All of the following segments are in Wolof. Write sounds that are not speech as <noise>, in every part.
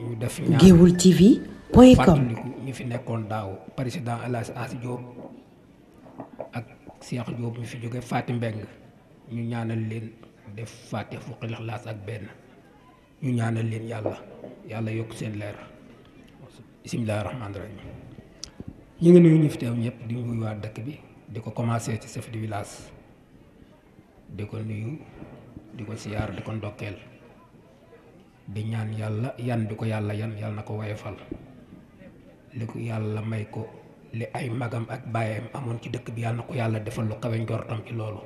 ñu def ñaan géewul tv point com ñu fi nekkoon daaw président Alas As Diop ak Cheikh Diop ñu fi jóge Fati Mbeng ñu ñaanal leen def Fati fukki laas ak benn ñu ñaanal leen yàlla yàlla yokk seen leer bisimilah rahmaani rahim ñu ngi nuyu ñu fi teew ñëpp di nuyu waa dëkk bi di ko commencé ci chef de village di ko nuyu di ko siyaar di ko ndokkeel di ñaan yàlla yan bi ko yàlla yan yàlla na ko woyefal li ko yàlla may ko li ay magam ak bàyyeem amoon ci dëkk bi yàlla na ko yàlla defal lu kawe njortam ci loolu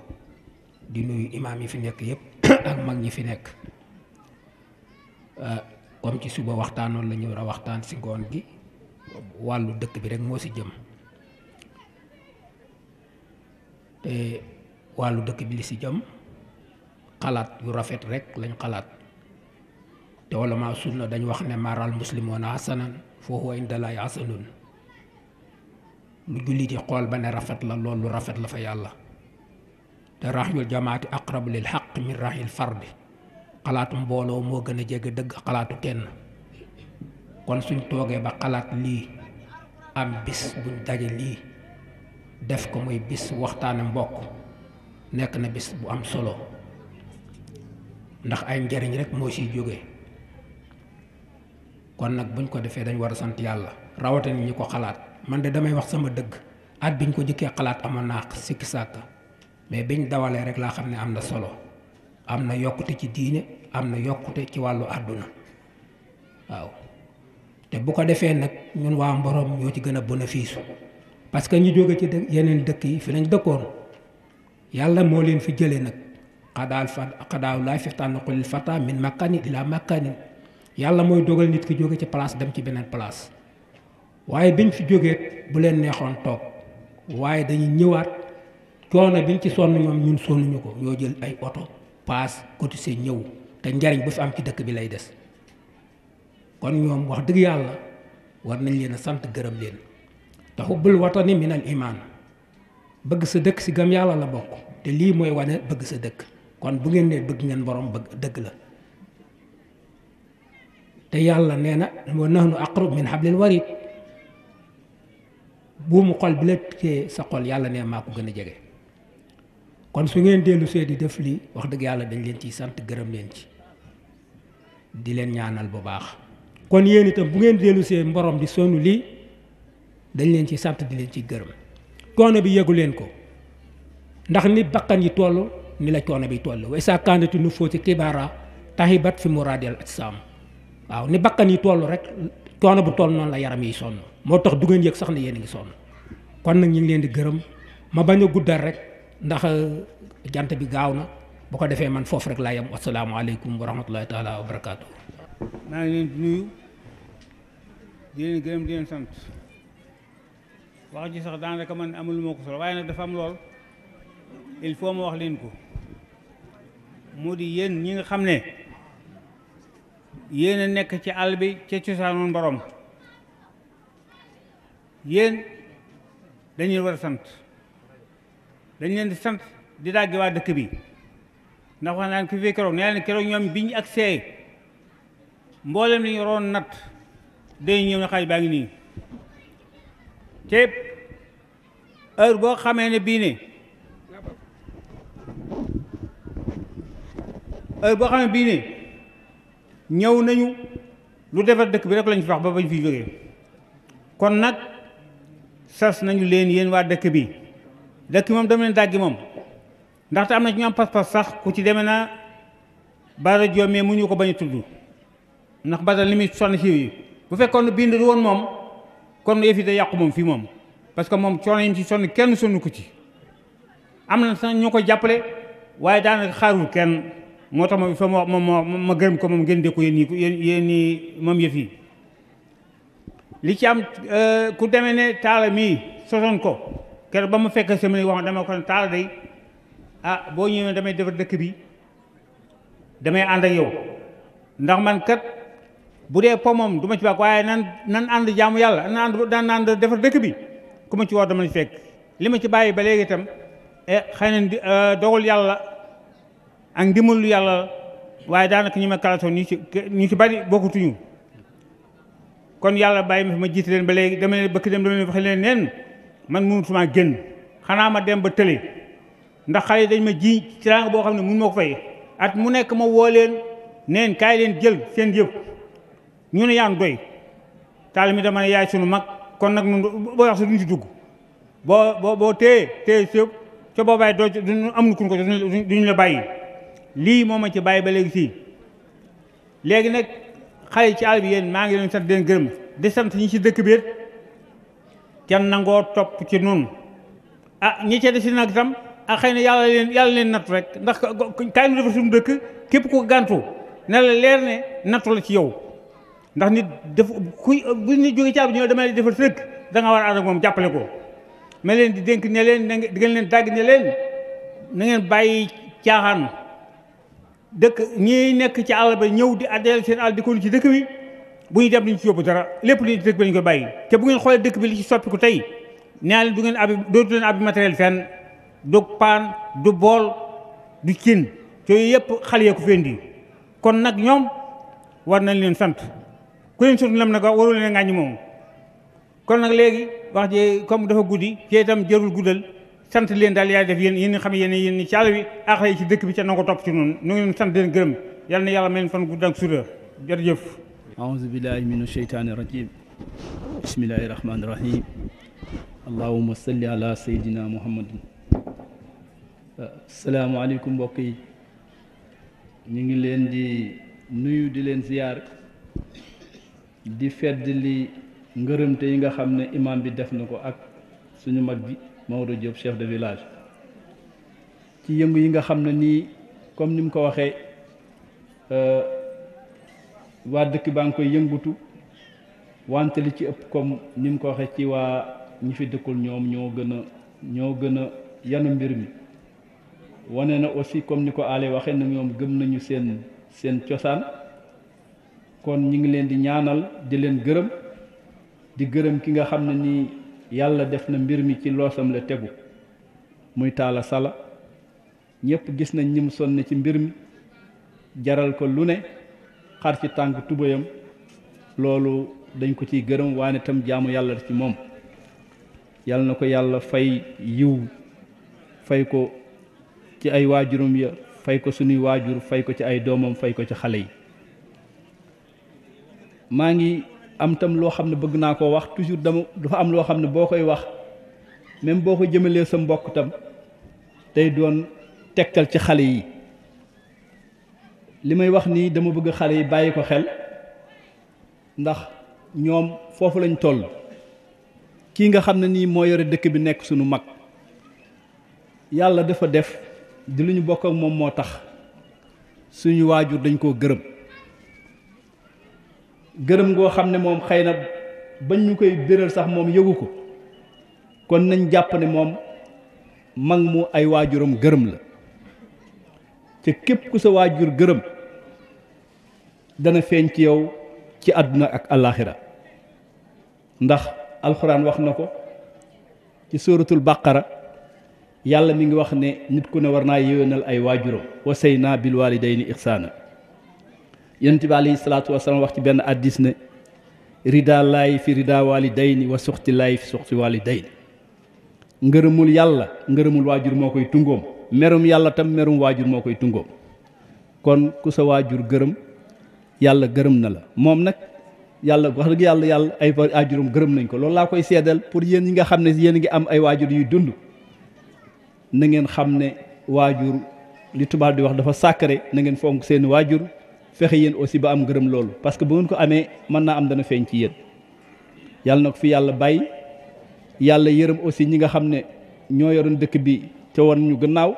di nuyu imaam yi fi nekk yépp <coughs> ak mag ñi fi nekk euh, comme ci suba waxtaanoon la ñu ra waxtaan si ngoon gi wàllu dëkk bi rek moo si jëm te wàllu dëkk bi li si jëm xalaat yu rafet rek lañ xalaat te ulama sunna dañ wax ne maral muslimuna hasanan fo huwa inda la yasalun lu julli di ba ne rafet la lolou rafet la fa yalla te rahmul jamaati aqrab lil haqq min rahil fard xalaatu mbolo mo gën a jege dëgg xalaatu kenn kon suñ toge ba xalaat li am bis buñ daje li def ko muy bis waxtaane mbokk nek na bis bu am solo ndax ay njariñ rek mo ci kon nag buñ ko defee dañ war a sant yàlla rawatina ñi ko xalaat man de damay wax sama dëgg at biñ ko jëkkee xalaat amoon naa sikki sàkk mais biñ dawalee rek laa xam ne am na solo am na yokkute ci diine am na yokkute ci wàllu àdduna waaw te bu ko defee nag ñun waa Mborom ñoo ci gën a bénéfice parce que ñu jóge ci yeneen dëkk yi fi lañ dëkkoon yàlla moo leen fi jëlee nag xadaal fa xadaaw laay fi tànn xulil fata min makkani ila makkani yàlla mooy dogal nit ki jóge ci place dem ci beneen place waaye biñ fi jógee bu leen neexoon toog waaye dañuy ñëwaat coono biñ ci sonn ñoom ñun sonnuñu ko ñoo jël ay oto paas cotisé ñëw te njariñ bu fi am ci dëkk bi lay des kon ñoom wax dëgg yàlla war nañ leen a sant gërëm leen te xubbul watani min al iman bëgg sa dëkk si gam yàlla la bokk te lii mooy wane bëgg sa dëkk kon bu ngeen ne bëgg ngeen borom bëgg dëgg la te yàlla nee na wa nahnu aqrab min hablil warid buumu xol bi la téye sa xol yàlla nee maa ko gën a jege kon su ngeen dellu see di def lii wax dëgg yàlla dañ leen ciy sant gërëm leen ci di leen ñaanal bu baax kon yéen itam bu ngeen dellu see mborom di sonn lii dañ leen ci sant di leen ci gërëm coono bi yëgu leen ko ndax ni bakkan yi toll ni la coono bi toll way saa kaanati nu fóoti kibaara taxibat fi muraadil ajsaam waaw ni bakkan yi toll rek coono bu toll noonu la yaram yi sonn moo tax du ngeen yëg sax ne yéen ngi sonn kon nag ñu ngi leen di gërëm ma bañ a guddal rek ndax euh, jant bi gaaw na bu ko defee man foofu rek laa yem asalaamaaleykum wa rahmatulahi taala wa barakaatu. maa ngi leen di sant wax ji sax daanaka man amul moo ko solo waaye nag dafa am lool il faut ma wax leen ko moo di yéen ñi nga xam ne. yéen nekk ci àll bi ca cosaanu mboroom yéen dañuy war a sant dañ leen di sant di dàggi waa dëkk bi ndax wax naan ki fii keroog nee leen keroog ñoom biñ ak see mboolem li ñu roon nat day ñëw ne xaaj baa ngi nii te heure boo xamee ne bii ne heure boo xamee bii ne ñëw nañu lu defar dëkk bi rek lañ fi wax ba bañ fi jógee kon nag sas nañu leen yéen waa dëkk bi dëkk moom dama leen dàggi moom ndaxte am na ci ñu am pas-pas sax ku ci demee na Bara Diome mu ñu ko bañ a tudd ndax Bara li muy sonn ci yi bu fekkoon bind du woon moom kon yëf da yàqu moom fii moom parce que moom coono yi ci sonn kenn sonnu ko ci am na sax ñu ko jàppale waaye daanaka xaarul kenn moo tax moom il faut ma ma ma gërëm ko moom ngeen dékku yéen ñi yéen ñi moom yëf yi li ci am euh, ku demee ne taala mii sosoon ko ker ba mu fekk semaine wax dama ko ne taala day ah boo ñëwee damay defar dëkk bi damay ànd ak yow ndax man kat bu dee po moom du ma ci baax waaye nan nan ànd jaamu yàlla nan ànd nan defar dëkk bi ku ma ci wax dama ci fekk li ma ci bàyyi ba léegi itam eh, xëy na euh, dogal yàlla ak ndimbalu yàlla waaye daanaka ñu ma kalatoon ñu ci ñu ci bari bokkutuñu kon yàlla bàyyi ma fi ma jiite leen ba léegi dama leen bëkk dem dama leen wax leen neen man mënutuma génn xanaa ma dem ba tële ndax xale dañ ma ji ci rang boo xam ne mun moo ko fay at mu nekk ma woo leen neen kaay leen jël seen yëpp ñu ne yaan doy taal mi dama ne yaay sunu mag kon nag nun boo wax su duñ ci dugg boo boo boo téye téye sëpp ca boobaay doo duñ am nu kun ko duñ bàyyi lii moom a ci bàyyi ba léegi fii léegi nag xale yi ci àll bi maa ngi leen sant leen gërëm di sant ñi ci dëkk bi it kenn nangoo topp ci noonu a ah ñi ca si nag sam ah xëy na yàlla leen yàlla leen natt rek ndax kaay nu defar suñu dëkk képp ko gantu na la leer ne nattu la ci yow ndax nit def kuy bu nit jógee ci àll bi ñëw dama leen defar sa dëkk war a ànd ak moom jàppale ko ma leen di dénk ne leen di ngeen leen dàgg ne leen na bàyyi caaxaan dëkk ñii nekk ci àll ba ñëw di addeel seen àll di ko ci dëkk bi bu ñu dem duñ ci yóbbu dara lépp luñ ci dëkk bi lañ ko bàyyi te bu ngeen xoolee dëkk bi li ci ko tey nee na du ngeen abi dootu leen abi matériel fenn du paan du bool du cin yooyu yëpp xale yee ku fi indi kon nag ñoom war nañ leen sant ku leen sant na nag waru leen ñi moom kon nag léegi wax ji comme dafa guddi ci tam jërul guddal sant leen daal yaay def yéen yéen xam yéen yéen ci àll yi ci dëkk bi ca na ko topp ci noonu nu ngi leen sant leen gërëm yàlla na yàlla may leen fan gudd ak sutura jërëjëf aouzu billahi min asheytaani rajim bismillahi rahmaani rahim allahuma salli ala sayyidina muhammadin salaamaaleykum mbokk yi ñu ngi leen di nuyu di leen ziyaar di fedd li ngërëmte yi nga xam ne imaam bi def na ko ak suñu mag bi Maodo Diop chef de village ci yëngu yi nga xam ne nii comme ni mu ko waxee euh, waa dëkk baa ngi koy yëngutu wante li ci ëpp comme ni mu ko waxee ci waa ñi fi dëkkul ñoom ñoo gën a ñoo gën a yanu mbir mi wane na aussi comme ni ko ale waxee na ñoom gëm nañu seen seen cosaan kon ñi ngi leen di ñaanal di leen gërëm di gërëm ki nga xam ne nii yàlla def na mbir mi ci loosam la tegu muy taala sala ñépp gis nañ ñi mu ci mbir mi jaral ko lu ne xar ci tànk tubayam loolu dañ ko ciy gërëm waane itam jaamu yàlla ci moom yàlla na ko yàlla fay yiw fay ko ci ay waajuram ya fay ko sunuy waajur fay ko ci ay doomam fay ko ci xale yi maa ngi am tam loo xam ne bëgg naa koo wax toujours dama dafa am loo xam ne boo koy wax même boo ko jëmalee sa mbokk tam tey doon tegtal ci xale yi li may wax nii dama bëgg xale yi bàyyi ko xel ndax ñoom foofu lañ toll kii nga xam ne nii moo yore dëkk bi nekk suñu mag yàlla dafa def di lu ñu bokk ak moom moo tax suñu waajur dañ koo gërëm gërëm goo xam ne moom xëy na bañ ñu koy béral sax moom yëgu ko kon nañ jàpp ne moom mag mu ay waajuram gërëm la te képp ku sa waajur gërëm dana feeñ ci yow ci àdduna ak alaaxira ndax alxuraan wax na ko ci suratul bàqara yàlla mi ngi wax ne nit ku ne war naa yéwénal ay waajuram wasay naa bil ixsaana yonent bi alayhi salaatu wasalaam wax ci benn addis ne rida laay fi rida walidayni wa suxti laay fi suxti walidayni ngërëmul yàlla ngërëmul waajur moo koy tungoom merum yàlla tam merum waajur moo koy tungoom kon ku sa waajur gërëm yàlla gërëm na la moom nag yàlla wax dëgg yàlla yàlla ay waajuram gërëm nañ ko loolu laa koy seedal pour yéen ñi nga xam ne yéen ngi am ay waajur yuy dund na ngeen xam ne waajur li tubaab di wax dafa sacré na ngeen fonk seen waajur fexe yéen aussi ba am ngërëm loolu parce que bu ko amee mën naa am dana feeñ ci yéen yàlla na ko fi yàlla bàyyi yàlla yërëm aussi ñi nga xam ne ñoo yoroon dëkk bi ca woon ñu gannaaw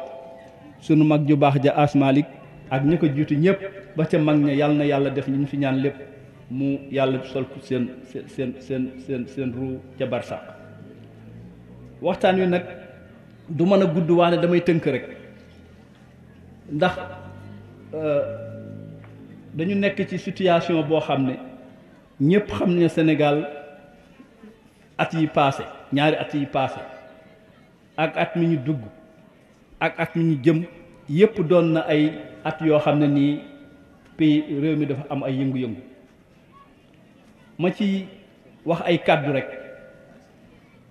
sunu mag ju baax ja asmalik ak ñi ko jiitu ñëpp ba ca mag ña yàlla na yàlla def ñu fi ñaan lépp mu yàlla sol seen seen seen seen seen ruu ca barsàq waxtaan wi nag du mën a gudd waane damay tënk rek ndax. Euh, dañu nekk ci situation boo xam ne ñëpp xam ne Sénégal at yi passé ñaari at yi passé ak at mi ñu dugg ak at mi ñu jëm yëpp doon na ay at yoo xam ne nii pays réew mi dafa am ay yëngu-yëngu ma ci wax ay kàddu rek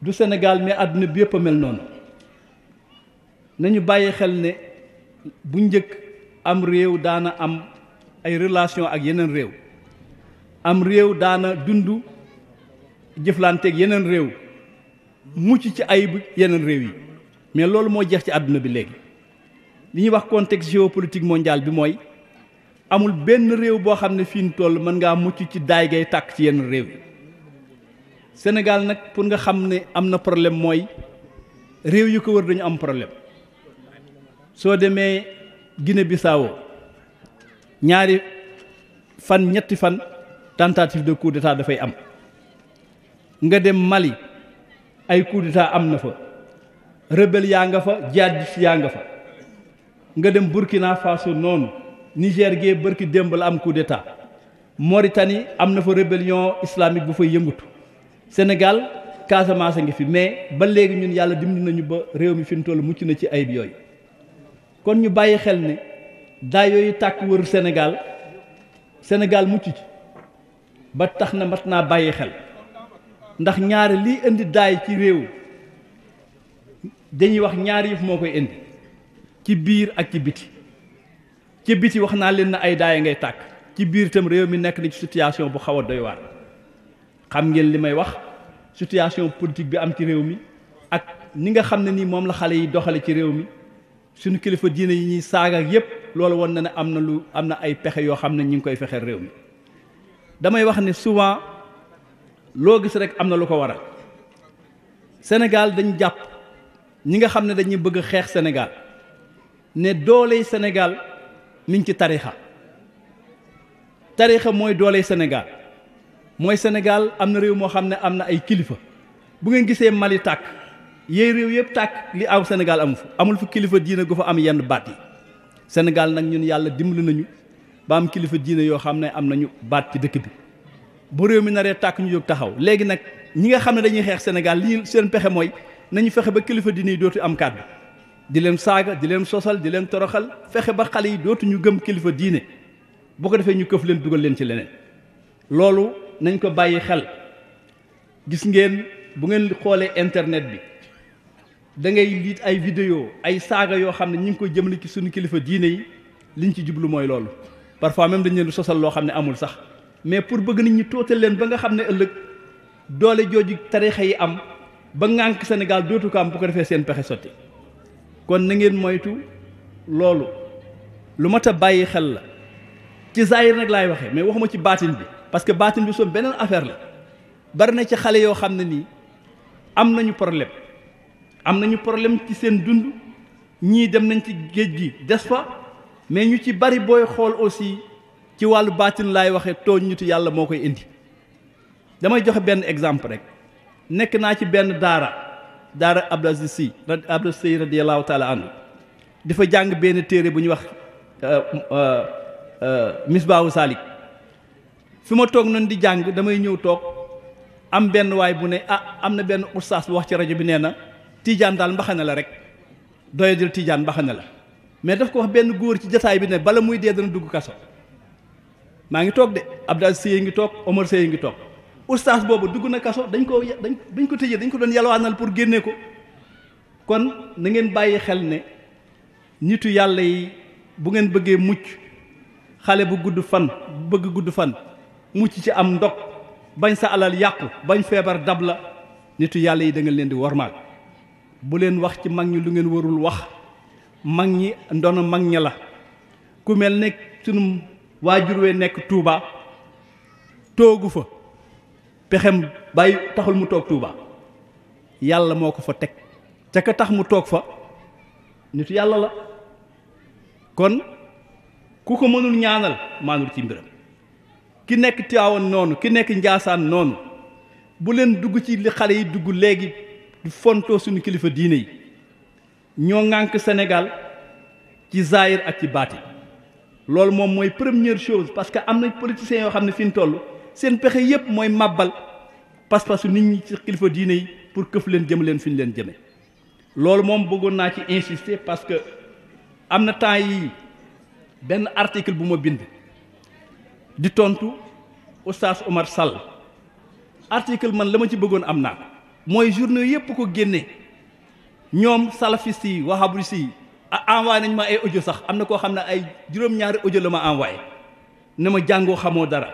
du Sénégal mais àdduna bi yëpp a mel noonu nañu bàyyi xel ne bu njëkk am réew daana am ay relation ak yeneen réew am réew daana dundu jëflanteek yeneen réew mucc ci ayib yeneen réew yi mais loolu moo jeex ci àdduna bi léegi li ñuy wax contexte géopolitique mondial bi mooy amul benn réew boo xam ne fii ñu toll mën ngaa mucc ci daay gay tàkk ci yenn réew yi Sénégal nag pour nga xam ne am na problème mooy réew yu ko wër dañu am problème soo demee Guinée Bissau ñaari fan ñetti fan tentative de coup d'état dafay am nga dem Mali ay coup am na fa rebelle yaa nga fa jihadiste yaa nga fa nga dem Burkina Faso noonu Niger gee bërki démb la am coup d'état Mauritanie am na fa rébellion islamique bu fay yëngutu Sénégal Casamance ngi fi mais ba léegi ñun yàlla dimbali nañu ba réew mi fi mu toll mucc na ci ayib yooyu kon ñu bàyyi xel ne daa yooyu tàkk wër senegaal Sénégal mucc ci ba tax na mat naa bàyyi xel ndax ñaari liy indi daay ci réew dañuy wax ñaari yëf moo koy indi ci biir ak ci biti ci biti wax naa leen na ay daay ngay tàkk ci biir itam réew mi nekk na ci situation bu xaw a doy xam ngeen li may wax situation politique bi am ci réew mi ak ni nga xam ne nii moom la xale yi doxale ci réew mi suñu kilifa diine yi ñuy saaga ak yépp loolu wan na ne am na lu am na ay pexe yoo xam ne ñu ngi koy fexeel réew mi damay wax ne souvent loo gis rek am na lu ko waral Sénégal dañ jàpp ñi nga xam ne dañuy bëgg xeex Sénégal ne dooley Sénégal mi ngi ci tarixa tarixa mooy dooley Sénégal mooy Sénégal am na réew moo xam ne am na ay kilifa bu ngeen gisee Mali tàkk yéey réew yëpp tàkk li aw Sénégal amu fa amul fu kilifa diine gu fa am yenn baat yi Sénégal nag ñun yàlla dimbali nañu ba am kilifa diine yoo xam ne am nañu baat ci dëkk bi bu réew mi naree tàkk ñu jóg taxaw léegi nag ñi nga xam ne dañuy xeex Sénégal li ñu seen pexe mooy nañu fexe ba kilifa diine yi dootu am kàddu di leen saaga di leen sosal di leen toroxal fexe ba xale yi dootu ñu gëm kilifa diine boo ko defee ñu këf leen dugal leen ci leneen loolu nañ ko bàyyi xel gis ngeen bu ngeen xoolee internet bi da ngay liit ay vidéo ay saaga yoo xam ne ñi ngi ko jëmale ci suñu kilifa diine yi liñ ci jublu mooy loolu parfois même dañ leen sosal loo xam ne amul sax mais pour bëgg nit ñi tóotal leen ba nga xam ne ëllëg doole jooju tarixa yi am ba ŋànk Sénégal dootu ko am bu ko defee seen pexe sotti kon na ngeen moytu loolu lu mat a bàyyi xel la ci zaahir nag laay waxee mais waxuma ci baatin bi parce que baatin bi soo beneen affaire la bari na ci xale yoo xam ne nii am nañu problème am nañu problème ci seen dund ñii dem nañ ci géej gi des fa mais ñu ci bari booy xool aussi ci wàllu baatin laay waxee tooñ ñitu yàlla moo koy indi damay joxe benn exemple rek nekk naa ci benn daara daara Abdou Aziz Sy Abdou Sy radiyallahu taala jàng benn téere bu ñuy wax euh, euh, euh, misbaahu saalik fi ma toog noonu di jàng damay ñëw toog am benn waay bu ne ah am na benn ustaas bu wax ci rajo bi nee na tiijaan daal mbaxane la rek doyadil tiijaan mbaxane la mais daf ko wax benn góor ci jataay bi ne bala muy dee dana dugg kaso maa ngi toog de Abdou Aziz Sy ngi toog Omar yi ngi toog oustaz boobu dugg na kaso dañ ko dañ dañ ko tëjee dañ ko doon yalwaanal pour génne ko kon na bàyyi xel ne nitu yàlla yi bu ngeen bëggee mucc xale bu gudd fan bëgg gudd fan mucc ci am ndog bañ sa alal yàqu bañ feebar dab la nitu yàlla yi da leen di wormaal buleen wax ci mag ñi lu ngeen warul wax mag ñi ndono mag ñi la ku mel ne sunu waajur wee nekk tuubaa toogu fa pexem bàyyi taxul mu toog Touba yàlla moo ko fa teg ca ka tax mu toog fa nit yàlla la kon ku ko mënul ñaanal maanul ci mbiram ki nekk Tiwaawan noonu ki nekk Njaasaan noonu bu leen dugg ci li xale yi dugg léegi du fontoo suñu kilifa diine yi ñoo ŋànk Sénégal ci zaahir ak ci bati lool mom moy première chose parce que amna politiciens yo xam fiñ fi ñu toll seen pexe yépp mooy màbbal pas-pasu nit ñi ci kilifa diine pour keuf leen jëm leen fiñ leen jëmé lool mom bëggoon naa ci insister parce que amna na temps yi ben article bu mo bind di tontu oustaz Omar Sall article man lama ci bëggon amna ko mooy journaux yëpp ko génne ñoom salafiste yi si yi envoyé nañ ma ay audio sax am na koo xam ne ay juróom-ñaari audio la ma envoyé ne ma jàngoo xamoo dara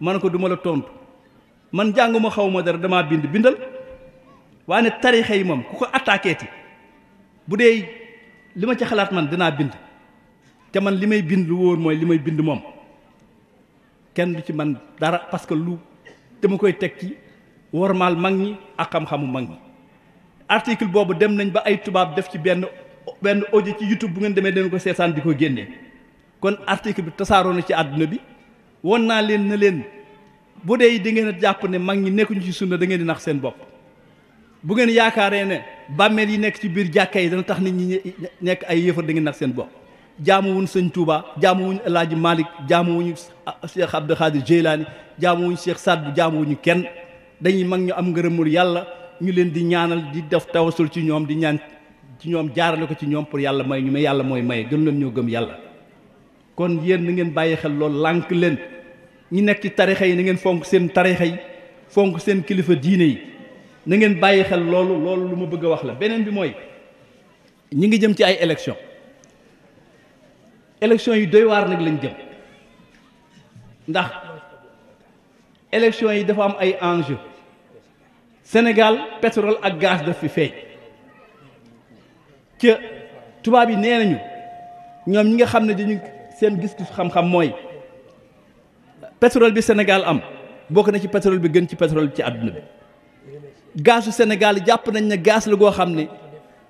ma ne ko duma la tontu man jànguma xaw ma dara damaa bind bindal waaye ne tarixa yi moom ku ko attaqué ti bu dee li ma ci xalaat man danaa bind te man li may bind lu wóor mooy li may bind moom kenn du ci man dara parce que lu dama koy teg ci wormaal mag ñi ak xam-xamu mag ñi article boobu dem nañ ba ay tubaab def ci benn benn audio ci YouTube bu ngeen demee dañ ko seetaan di ko génnee kon article bi tasaaroo na ci àdduna bi won naa leen na leen bu dee da ngeen a jàpp ne mag ñi nekkuñu ci sunna da ngeen di nax seen bopp bu ngeen yaakaaree ne bàmmeel yi nekk ci biir jàkka yi dana tax nit ñi nekk ay yëfar da ngeen nax seen bopp jaamuwuñ sëñ Touba jaamuwuñ El Hadj Malick jaamuwuñu Cheikh Abdou Khadir Jeylaani jaamuwuñ Cheikh Saad kenn. dañuy mag ñu am ngërëmul yàlla ñu leen di ñaanal di def tawasul ci ñoom di ñaan ci ñoom jaarale ko ci ñoom pour yàlla may ñu may yàlla mooy may gën leen ñoo gëm yàlla kon yéen na ngeen bàyyi xel loolu lànk leen ñi nekk ci tarixa yi na ngeen fonk seen tarixa yi fonk seen kilifa diine yi na ngeen bàyyi xel loolu loolu lu ma bëgg a wax la beneen bi mooy ñi ngi jëm ci ay élection élection yi doy waar nag lañ jëm ndax élection yi dafa am ay enjeu Sénégal pétrole ak gaz daf fi feeñ ca tubaab yi nee nañu ñoom ñi nga xam ne dañu seen gis-gis xam-xam mooy pétrole bi senegal am bokk na ci pétrole bi gën ci pétrole bi ci àdduna bi gazu Sénégal jàpp nañ ne gaz la goo xam ne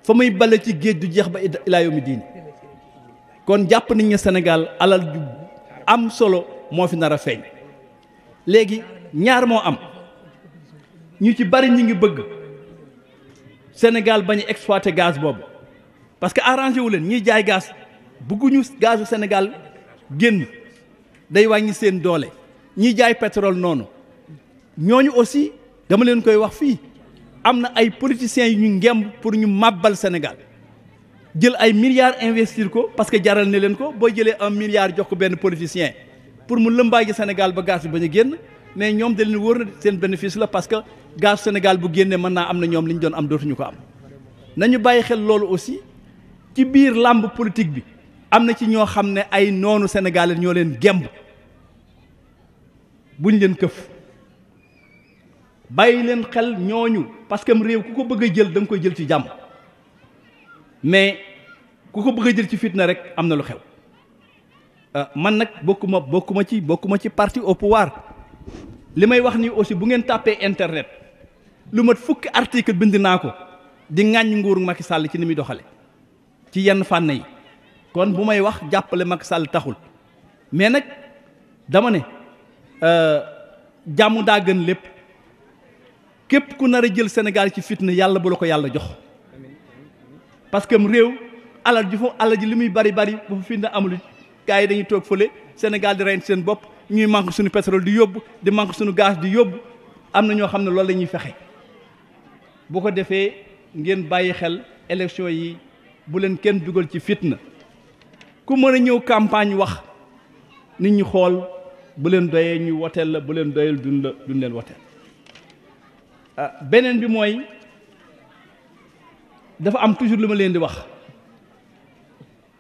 fa muy bale ci géej du jeex ba ilaa yawmi diin kon jàpp nañ ne Sénégal alal ju am solo moo fi nar a feeñ léegi ñaar moo am ñu ci bari ñu ngi bëgg Sénégal bañ a exploité gaz boobu parce que arrangé wu leen ñiy jaay gaas bëgguñu gazu Sénégal génn day wàññi seen doole ñiy jaay pétrole noonu ñoo ñu aussi dama leen koy wax fii am na ay politiciens yu ñu ngemb pour ñu màbbal Sénégal jël ay milliards investir ko parce que jaral ne leen ko boo jëlee un milliard jox ko benn politicien pour mu lëmbaaji Sénégal ba gaz bi bañ a génn mais ñom da leen wóor na seen bénéfice la parce que gaz Sénégal bu génnee mëna naa am na ñoom li doon am dootuñu ko am nañu bàyyi xel loolu aussi ci biir lamb politique bi am na ci ñoo xam ne ay noonu sénégalais ñoo leen gemb buñ leen këf bàyyi leen xel ñooñu parce que réew ku ko bëgg a jël da koy jël ci jàmm mais ku ko bëgg a jël ci fitna rek am na lu xew euh, man nag bokkuma bokkuma ci bokkuma ci parti au pouvoir li may wax nii aussi bu ngeen tàppee internet lu mat fukki article bind naa ko di ŋàññ nguuru makki sàll ci ni muy doxale ci yenn fànn yi kon bu may wax jàppale Macky sàll taxul mais nag dama ne euh, jàmm daa gën lépp képp ku nar a jël Sénégal ci fitna yàlla bu la ko yàlla jox parce que réew alal ji foofu alal ji li muy bari bari bu fa fitna amul gars yi dañuy toog fële Sénégal di rey seen bopp ñuy manque suñu pétrole di yóbbu di manque suñu gaz di yóbbu am na ñoo xam ne loolu la ñuy fexe bu ko defee ngeen bàyyi xel élection yi bu leen kenn dugal ci fitna ku mën a ñëw campagne wax nit ñi xool bu leen doyee ñuy woteel la bu leen doyeel duñ la duñ leen woteel ah, beneen bi mooy dafa am toujours lu ma leen di wax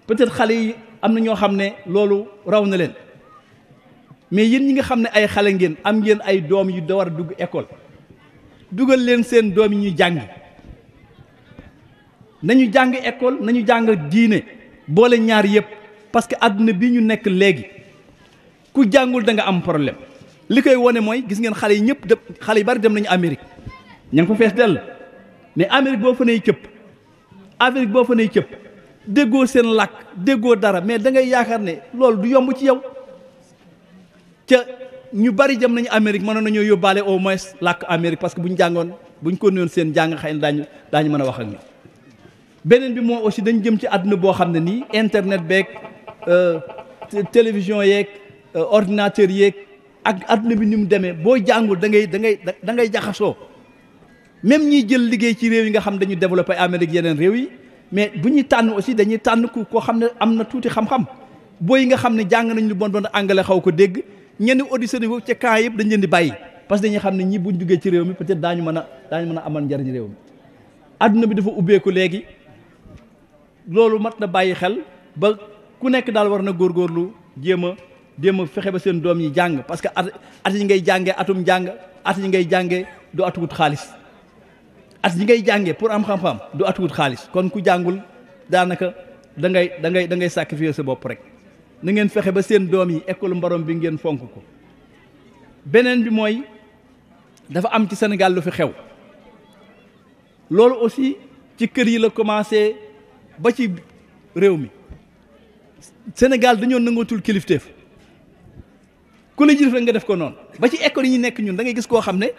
peut-être xale yi am na ñoo xam ne loolu raw na leen mais yéen ñi nga xam ne ay xale ngeen am ngeen ay doom yu da war a dugg école dugal leen seen doom yi ñuy jàng nañu jàng école nañu jàng diine boole ñaar yëpp parce que àdduna bi ñu nekk léegi ku jàngul danga am problème li koy wone mooy gis ngeen xale yi ñëpp de xale yu bari dem nañu Amérique ña ngi fa fees dell mais Amérique boo fa nay cëpp Amérique boo fa nay cëpp déggoo seen làkk déggoo dara mais da ngay yaakaar ne loolu du yomb ci yow ca ñu bari jëm nañu Amérique mënoon nañoo yóbbaale au moins làkk Amérique parce que bu ñu jàngoon bu ñu ko nuyoon seen jàng xay na daañu daañu mën a wax ak ñoom. beneen bi moo aussi dañ jëm ci àdduna boo xam ne nii internet beeg euh, télévision yeeg euh, ordinateur yeeg ak àdduna bi ni mu demee boo jàngul da ngay da ngay da ngay jaxasoo même ñiy jël liggéey ci réew yi nga xam dañu développé Amérique yeneen réew yi mais bu ñuy tànn aussi dañuy tànn ku koo xam ne am na tuuti xam-xam booy yi nga xam ne jàng nañu lu bon bon anglais xaw ko dégg. ñenn auditionné boobu ca camp yëpp dañ leen di bàyyi parce que dañuy xam ne ñi buñ duggee ci réew mi peut-être a daañu mën a amal njariñ réew bi dafa ubbeeku léegi loolu mat na bàyyi xel ba ku nekk daal war na góorgóorlu jéem a jéem a fexe ba seen doom yi jàng parce que at at yi ngay jàngee atum jàng at yi ngay jàngee du xaalis at yi ngay jàngee pour am xam-xam xaalis kon ku jàngul daanaka da ngay dangay da ngay sacrifier sa bopp rek na ngeen fexe ba seen doom yi école mbarom bi ngeen fonk ko beneen bi mooy dafa am ci Sénégal lu fi xew loolu aussi ci kër yi la commencé ba ci réew mi Sénégal dañoo nangatul kilifteef ku la jëlif rek nga def ko noonu ba ci école yi ñu nekk ñun da ngay gis koo xam ne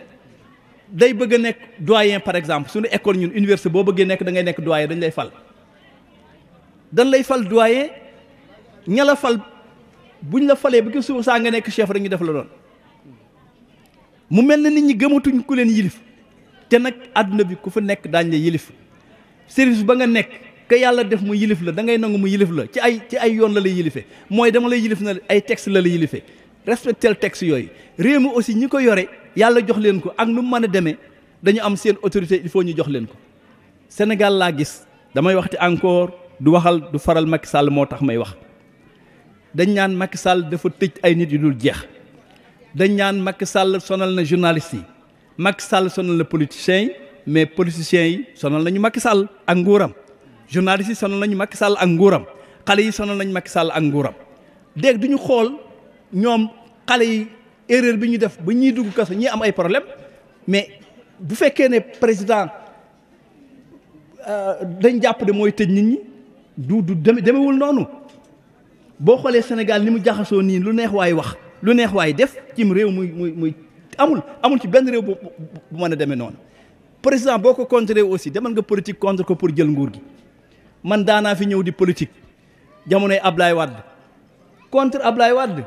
day bëgg a nekk doyen par exemple suñu école ñun université boo bëggee nekk da ngay nekk doyen dañ lay fal dañ lay fal doyen ña la fal buñ la falee bu ko suba saa nga nekk chef rek ñu def la doon mu mel na nit ñi gëmatuñ ku leen yilif te nag àdduna bi ku fa nekk daañ la yilif service ba nga nekk ka yàlla def mu yilif la da ngay nangu mu yilif la ci ay ci ay yoon la la yilife mooy dama lay yilif na ay texte la la yilife respectel texte yooyu réew mi aussi ñi ko yore yàlla jox leen ko ak nu mu mën a demee dañu am seen autorité il faut ñu jox leen ko Sénégal laa gis damay waxti encore du waxal du faral Macky Sall moo tax may wax dañ ñaan Macky Sall dafa tëj ay nit yu dul jeex dañ ñaan Macky sonal na journaliste yi sonal na politiciens mais politiciens yi sonal nañu Macky ak nguuram journalistes yi sonal nañu Macky ak nguuram xale yi sonal nañu Macky ak duñu yi erreur def ba am problème mais bu fekkee ne président euh, dañ jàpp de mooy tëj nit du du boo xoolee Sénégal ni mu jaxasoo nii lu neex waay wax lu neex waay def cim réew muy muy muy amul amul ci benn réew bu bu mën a demee noonu président boo ko contrer aussi demal nga politique contre ko pour jël nguur gi man daanaa fi ñëw di politique jamonoy Ablaye Wade contre Ablaye Wade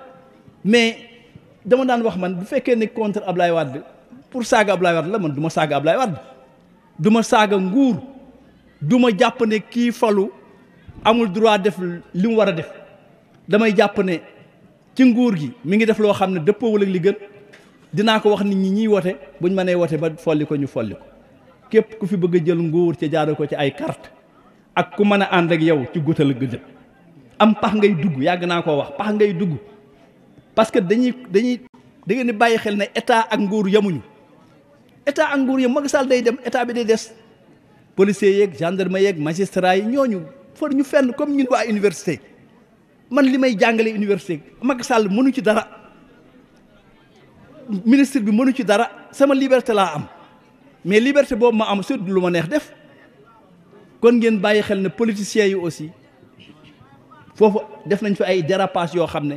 mais dama daan wax man bu fekkee ne contre Ablaye Wade pour saaga Ablaye Wade la man duma ma saaga Ablaye Wade du ma saaga nguur du jàpp ne kii falu amul droit def li mu war a def damay jàpp ne ci nguur gi mi ngi def loo xam ne dëppoowul ak li gën dinaa ko wax nit ñi ñiy wote buñ mënee wote ba folli ko ñu folli ko képp ku fi bëgg a jël nguur ci jaare ko ci ay carte ak ku mën a ànd ak yow ci gutal ak am pax ngay dugg yàgg naa koo wax pax ngay dugg parce que dañuy dañuy da ngeen di bàyyi xel ne état ak nguur yamuñu état ak nguur yam Macky Sall day dem état bi day des policiers yeeg ma yeeg magistrat yi ñooñu for ñu fenn comme ñun waa université man li may jàngale université mag Sall mënu ci dara ministre bi mënu ci dara sama liberté laa am mais liberté boobu ma am su lu ma neex def kon ngeen bàyyi xel ne politiciens yi aussi foofu def nañ fi ay dérapage yoo xam ne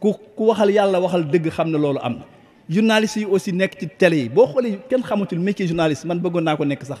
ku ku waxal yàlla waxal dëgg xam ne loolu am na journalistes yi aussi nekk ci télé yi boo xoolee kenn xamatul métier journaliste man bëggoon naa ko nekk sax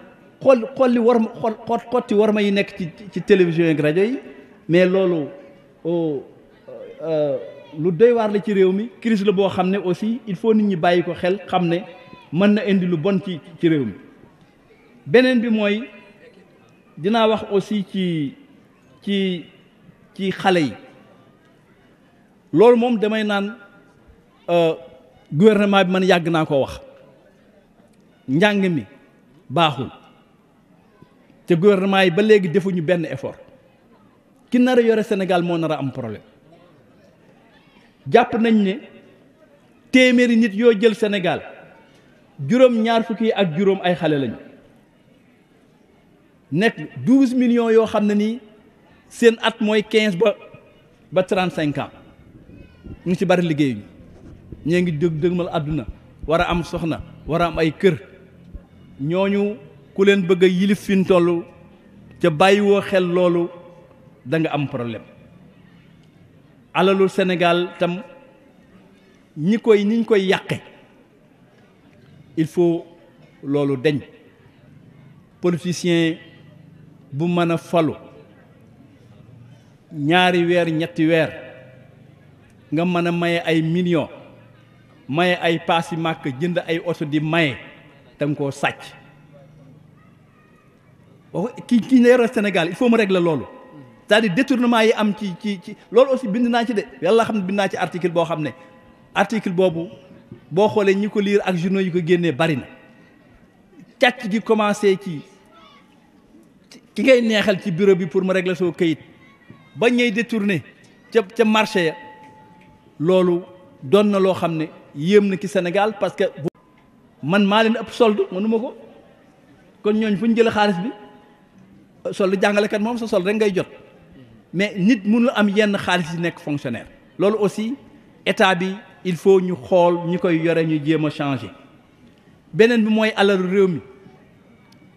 xool xool li war ma xool xotti war ma yi nekk ci ci télévision yeeg rajo yi mais loolu oh, euh, euh, lu doy waar la ci réew mi crise la boo xam ne aussi il faut nit ñi bàyyi ko xel xam ne mën na indi lu bon ci ci réew mi beneen bi mooy dinaa wax aussi ci ci ci xale yi loolu moom damay naan euh, gouvernement bi man yàgg naa ko wax njàng mi baaxul te gouvernement yi ba léegi defuñu benn effort ki nar a yore Sénégal moo nar a am problème jàpp nañ ne téeméeri nit yoo jël Sénégal juróom ñaar fukki ak juróom ay xale lañu nekk douze millions yoo xam ne ni seen at mooy quinze ba ba trente cinq ans ñu ci bari liggéeyuñu ñee ngi dëg dëgmal àdduna war a am soxna war a am ay kër ñooñu ku leen bëgg a yilif fi ñu ca bàyyiwoo xel loolu da am problème alalu Sénégal tam ñi koy ñi ñu koy yàqe il faut loolu deñ politicien bu mën a falu ñaari weer ñetti weer nga mën a maye ay millions maye ay paasi màkk jënd ay oso di maye danga ko sàcc ki ki yore Sénégal il faut mu régler loolu c'est-à-dire détournement yi am ci ci ci loolu bind naa ci de yàlla xam ne bind naa ci article boo xam ne article boobu boo xoolee ñi ko liir ak journaux yi ko génnee bari na càcc gi commencé ci ki ngay neexal ci bureau bi pour mu régler soo kayit ba ñuy détourné ca ca marché ya loolu doon na loo xam ne yéem na ci Sénégal parce que man maa leen ëpp solde mënuma ko kon ñooñ fu ñu jëlee xaalis bi jangale jàngalekat mom sa sol rek ngay jot mais nit mënul am yenn xaalis yi nekk fonctionnaire loolu aussi état bi il faut ñu xool ñi koy yore ñu jéem a changer beneen bi mooy alalu réew mi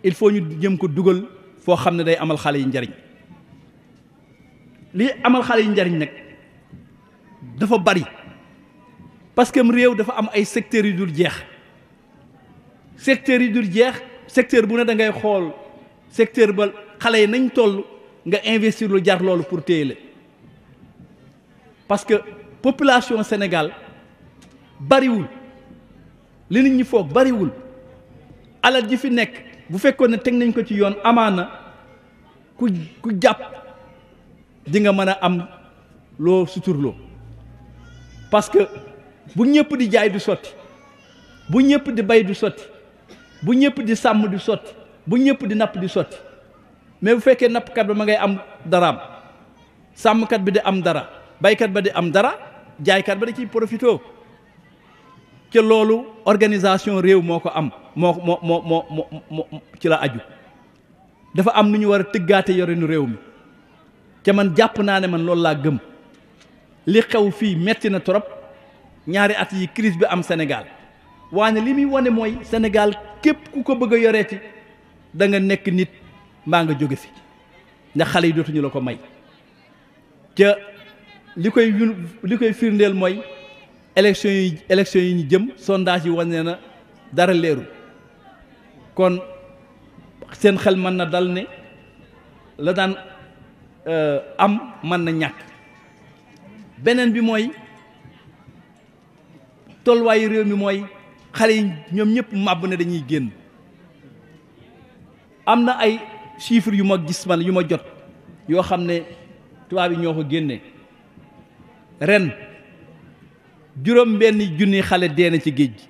il faut ñu jëm ko dugal foo xam ne day amal xale yi njariñ li amal xale yi njariñ nag dafa bari parce que réew dafa am ay secteurs yu dul jeex Secteur yi dul jeex secteur bu ne da ngay xool secteur ba xalé yi nañ toll nga investir lu jar loolu pour téye parce que population Sénégal bariwul li nit ñi foog bariwul alal ji fi nekk bu fekkoon ne teg nañ ko ci yoon amaana ku ku jàpp di nga mën a am loo suturloo parce que bu ñëpp di jaay du sotti bu ñëpp di bay du sotti bu ñëpp di sàmm du sotti bu ñëpp di napp di sotti mais bu fekkee nappkat ba ma ngay am daraam sàmmkat bi di am dara baykat ba di am dara jaaykat ba da ciy profito ca loolu organisation réew moo ko am moo moo moo moo ci la aju dafa am nu ñu war a tëggaate yorinu réew mi ca man jàpp naa ne man loolu laa gëm li xew fii metti na trop ñaari at yi crise bi am Sénégal waane li muy wane mooy Sénégal képp ku ko bëgg a yoreeti da nga nekk nit mbaa nga jóge fi ndax xale yi dootuñu la ko may ca li koy li koy firndeel mooy élection yi élection yi ñu jëm sondage yi nee na dara leeru kon seen xel mën na dal ne la daan euh, am mën na ñàkk beneen bi mooy tolluwaayu réew mi mooy xale yi ñoom ñëpp màbb ne dañuy génn am na ay chiffres yu ma gis man yu ma jot yoo xam ne tubaab yi ñoo ko génne ren juróom benn junni xale dee ci géej gi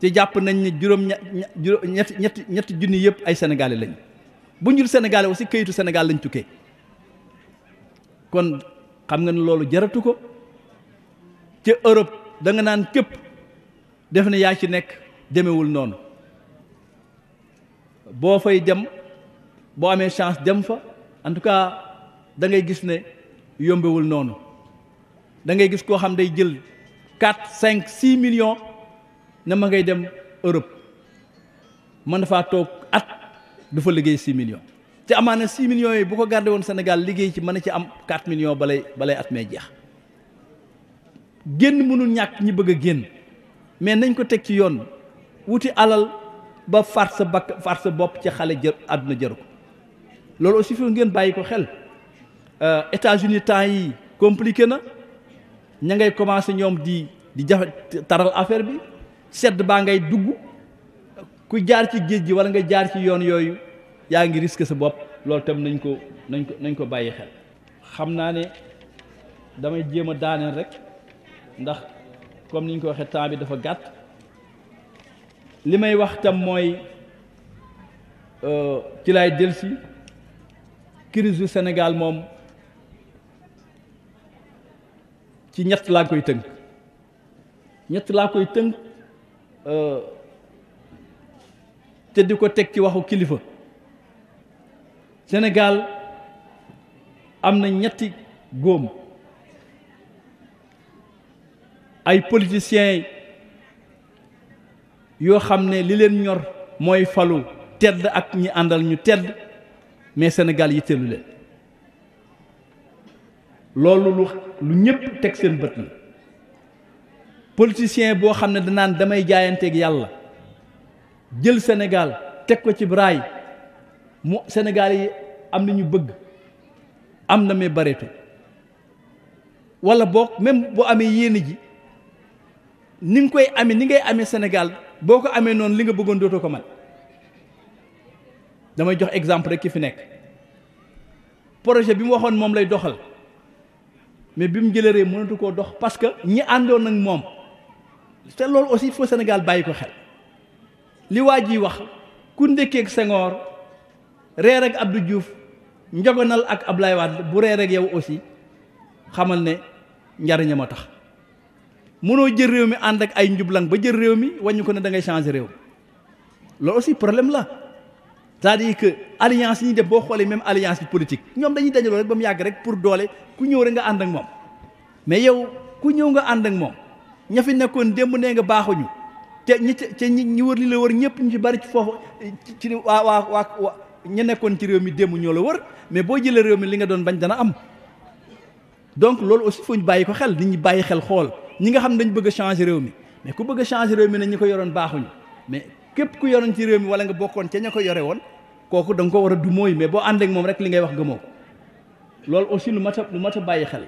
te jàpp nañ ne juróom ñetti ñetti ñetti junni yëpp ay sénégalais lañ bu ñu sénégalais aussi kayitu sénégal lañ tukkee kon xam nga ni loolu jaratu ko ca Europe danga naan képp def na yaa ci nekk demewul noonu boo fay dem boo amee chance dem fa en tout cas da ngay gis ne yombewul noonu da ngay gis koo xam day jël 4 5 6 millions na ma ngay dem Europe mën faa toog at du fa liggéey 6 millions te amana 6 millions yi bu ko gardé won Sénégal liggéey ci mën ci am 4 millions balay balay at mé jeex génn mënul ñàkk ñi bëgg a génn mais nañ ko teg ci yoon wuti alal ba far sa bakk far sa bopp ci xale jër aduna jëru ko loolu aussi fi ngeen bàyyi ko xel euh, États-Unis temps yi compliqué na ña ngay commencé ñoom di di jafe taral affaire bi sedd baa ngay dugg ku jaar ci géej gi walla nga jaar ci yoon yooyu yaa ngi risque sa bopp loolu tam nañ ko nañ ko nañ ko bàyyi xel xam naa ne damay jéem a daaneel rek ndax comme ni ñu ko waxee temps bi dafa gàtt li may wax tam mooy euh, ci laay delsi crise du Sénégal moom ci ñett laa koy tënk ñett laa koy tënk euh, te di ko teg ci waxu kilifa Sénégal am na ñetti góom ay politiciens yoo xam ne li leen ñor mooy falu tedd ak ñi àndal ñu tedd mais Sénégal yitteelu leen loolu lu lu ñëpp teg seen bët la politicien boo xam ne danaan damay jaayanteeg yàlla jël Sénégal teg ko ci raay mu Sénégal yi am na ñu bëgg am na may bareetu wala boog même boo amee yéene ji ni nga koy amee ni ngay amee Sénégal boo ko amee noonu li nga bëggoon dootoo ko man damay jox exemple rek ki fi nek projet bi mu waxoon moom lay doxal mais bimu mu jëlëree mënatu ko dox parce que ñi andon nak mom té lool aussi fo Sénégal bayiko xel li waji wax ku ndékkee ak Senghor ré rek Abdou Diouf njogonal ak ablay wad bu ré rek yow aussi xamal né ñar ñama tax mëno jël réew mi and ak ay njublang ba jël réew mi wañu ko né da ngay changer réew lool aussi problème la cest di dire que alliance yi ñuy def boo xoolee même alliance bi politique ñoom dañuy dajaloo rek ba mu yàgg rek pour doole ku ñëw rek nga ànd ak moom mais yow ku ñëw nga ànd ak moom ña fi nekkoon démb nee nga baaxuñu te ñi te ñi ñi wër li la wër ñëpp ñu ci bari ci foofu ci waa waa waa ña nekkoon ci réew mi démb ñoo la wër mais boo jëlee réew mi li nga doon bañ dana am donc loolu aussi foo ñu bàyyi ko xel nit ñi bàyyi xel xool ñi nga xam ne dañu bëgg a changer mi mais ku bëgg a changer réew mi ko yoroon baaxuñu mais képp ku yoroon ci réew mi wala nga bokkoon ca ña ko yore woon kooku danga ko war a du mooy mais boo ànd ak moom rek li ngay wax gëmoo ko loolu aussi lu ma a lu mat a bàyyi xel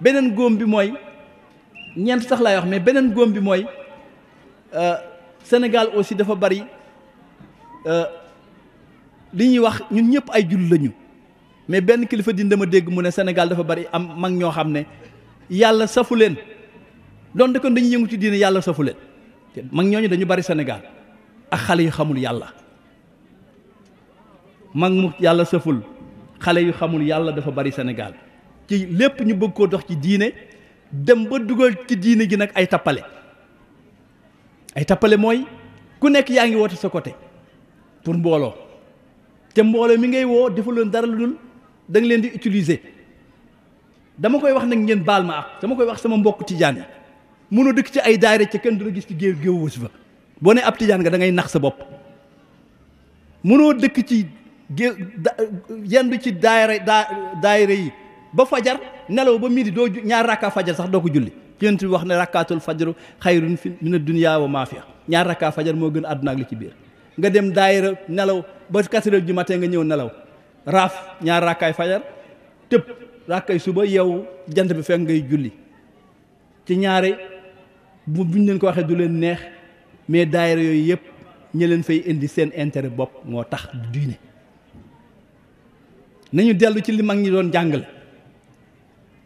beneen góom bi mooy ñeent sax laay wax mais beneen góom bi mooy euh, Sénégal aussi dafa bari euh, li ñuy wax ñun ñëpp ay jullit lañu mais benn kilifa diine dama dégg mu ne Sénégal dafa bari am mag ñoo xam ne yàlla safu leen donte kon dañuy yëngu ci diine yàlla safu leen mag ñooñu dañu bari Sénégal. ak xale yu xamul yàlla mag mu yàlla sëful xale yu xamul yàlla dafa bari Sénégal ci lépp ñu bëgg koo dox ci diine dem ba dugal ci diine gi nag ay tappale ay tappale mooy ku nekk yaa ngi woote sa côté pour mbooloo te mbooloo mi ngay woo defu leen dara lu dul da leen di utiliser dama koy wax nag ngeen baal ma ak dama koy wax sama mbokk tijaan yi mënoo dëkk ci ay daayira ca kenn du la gis ci géew géewu wës fa boo ne ab tijaan nga da nax sa bopp mënoo dëkk ci gé yendu ci daayira daayira yi ba fajar nelaw ba midi doo ñaar rakkaa fajar sax doo ko julli yonent bi wax ne rakkaatul fajaru xayrun fi mina dunya wa moo gën àdduna ak ci biir nga dem daayira nelaw ba quatre heures nga ñëw nelaw raaf ñaar rakkaay fajar suba yow jant bi fekk ngay julli ci ñaare bu buñ leen ko waxee du leen neex mais daayira yooyu yëpp ñi leen fay indi seen intérêt bopp moo tax du diine nañu dellu ci li mag ñi doon jàngale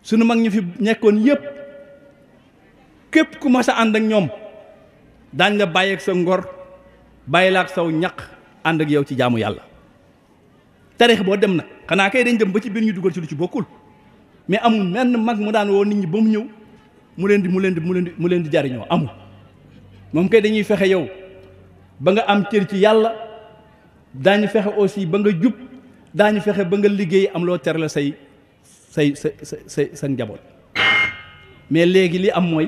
sunu mag ñi fi nekkoon yëpp képp ku mas sa ànd ak ñoom daañ la bàyyeek ak sa ngor bàyyi la ak saw ñaq ànd ak yow ci jaamu yàlla tarix boo dem nag xanaa kay dañ dem ba ci biir ñu dugal ci lu ci bokkul mais amul menn mag mu daan woo nit ñi ba mu ñëw mu leen di mu leen di mu leen di mu leen di jariñoo amul moom kay dañuy fexe yow ba nga am cër ci yàlla daañu fexe aussi ba nga jub daañu fexe ba nga liggéey am loo terale say say sa sa sa njaboot mais léegi li am mooy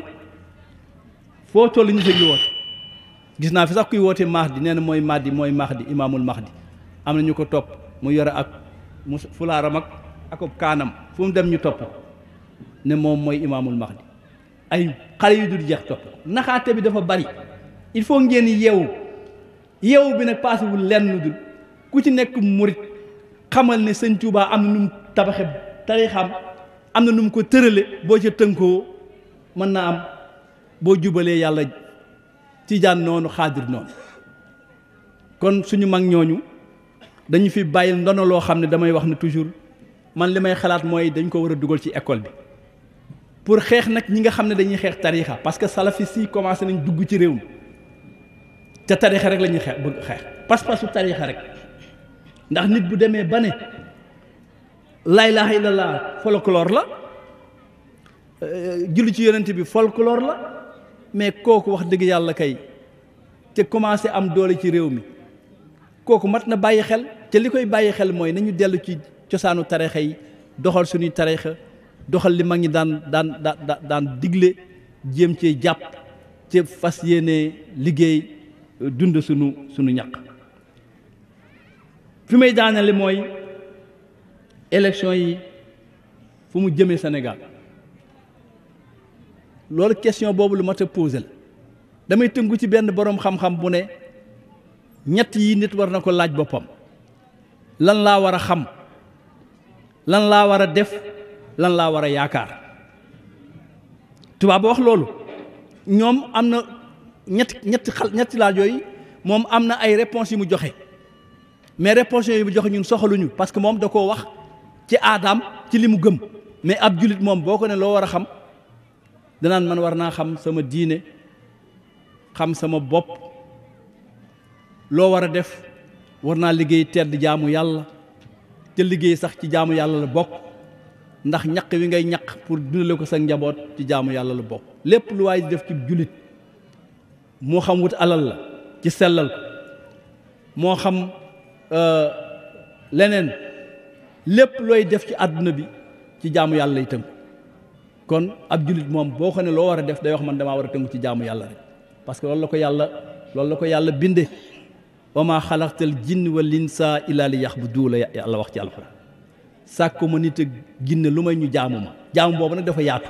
foo toll ñu fa ñu gis naa fi sax kuy woote maax nee na mooy di mooy di imaamul max di am na ñu ko topp mu yore ak mu fulaaram ak akob kaanam fu mu dem ñu topp ne moom mooy imaamul di ay xale yu dul jeex topp naxaate bi dafa bari il faut ngeen yeewu yeewu bi nag paasewul lenn dul ku ci nekk murit xamal ne sëñ Tuubaa am na nu mu tabaxe xam am na nu mu ko tërale boo ca tënkoo mën naa am boo jubalee yàlla tijaan noonu xaadir noonu kon suñu mag ñooñu dañu fi bàyyil ndono loo xam ne damay wax ne toujours man li may xalaat mooy dañ ko war a dugal ci école bi pour xeex nag ñi nga xam ne dañuy xeex tarixa parce que salafis yi commencé nañ dugg ci réew mi te tarixa rek lañuy ñuy xeex bëgg xeex pas-pasu tarixa rek ndax nit bu demee ba ne laa ilaaha illallah folklore la euh, julli ci yonent bi folklore la mais kooku wax dëgg yàlla kay te commencé am doole ci réew mi kooku mat na bàyyi xel te li koy bàyyi xel mooy nañu dellu ci cosaanu tarixa yi doxal suñuy tarixa doxal li mag ñi daan daan daan daan digle jéem cee jàpp ci fas yéene liggéey dund sunu sunu ñaq fi may daanale mooy élection yi fu mu jëmee Sénégal loolu question boobu lu mat a posé damay tënku ci benn boroom xam-xam bu ne ñett yi nit war na ko laaj boppam lan laa war a xam lan laa war a def lan laa war a yaakaar tubaab ba wax loolu ñoom am na ñetti ñetti xal ñetti laaj moom am na ay réponses yu mu joxe mais réponses yooyu mu joxe ñun soxaluñu parce que moom da koo wax ci aadaam ci li mu gëm mais ab jullit moom boo ko ne loo war a xam danaan man war naa xam sama diine xam sama bopp loo war a def war naa liggéey tedd jaamu yàlla te liggéey sax ci jaamu yàlla la bokk ndax ñak wi ngay ñak pour dundale ko sa njabot ci jaamu yàlla lu bok lépp lu way def ci julit mo xam wut alal la ci selal mo xam euh lenen lépp loy def ci aduna bi ci jaamu yàlla lay teunk kon ab julit mom bo xone lo wara def day wax man dama wara teunk ci jaamu yàlla rek parce que loolu la ko yàlla loolu la ko yàlla binde wama khalaqtal xalaqtal wal insa illa li yaxbuduuna yàlla wax ci alquran sàkku ma nit ak ginne lu may ñu jaamu ma jaamu boobu nag dafa yaatu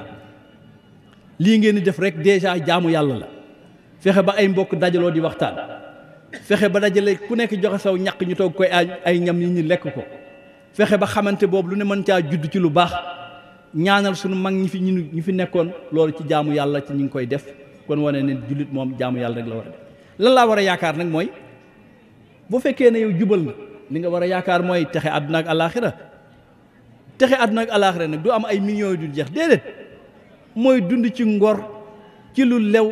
lii ngeen di def rek déjà jaamu yàlla la fexe ba ay mbokk dajaloo di waxtaan fexe ba dajale ku nekk joxe saw ñàkk ñu toog koy ay ñam yi ñu lekk ko fexe ba xamante boobu lu ne mën caa juddu ci lu baax ñaanal sunu mag ñi fi ñu ñu fi nekkoon loolu ci jaamu yàlla ci ñu ngi koy def kon wane ne jullit moom jaamu yàlla rek la war a def lan laa war a yaakaar nag mooy bu fekkee na li nga texe àdduna ak alaaxira nag du am ay millions yu dul jeex déedéet mooy dund ci ngor ci lu lew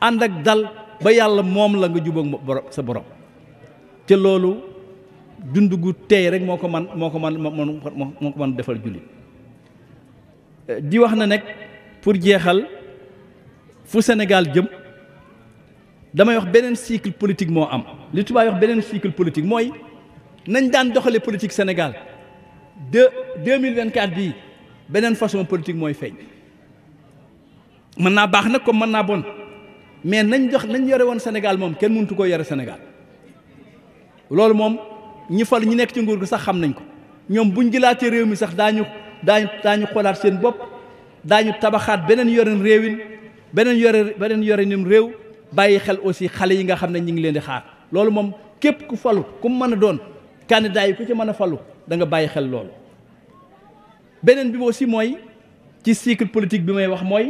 ànd ak dal ba yàlla moom la nga jubóog borom sa borom te loolu dund gu tey rek moo ko man moo ko man moo ko man defal jullit di wax na nag pour jeexal fu Sénégal jëm damay wax beneen cycle politique moo am li tubaab wax beneen cycle politique mooy nañ daan doxale politique Sénégal De 2024, mille vingt façon politique moy suis mën naa comme mais mais nañ jox nañ yoré won Sénégal mom kenn mëntu ko yoré Sénégal C'est mom ñi fal ñi nek ci nguur gu sax xam nañ ko ñom buñu jilaté réew mi sax dañu dañu daañu xoolaat seen bop dañu tabaxat benen yoré réewin réew xel aussi xalé yi nga xam ne ngi leen di xaar loolu Nous képp ku falu ku mën a doon candidat yi ku ci da nga bàyyi xel loolu beneen bi aussi mooy ci cycle politique bi may wax mooy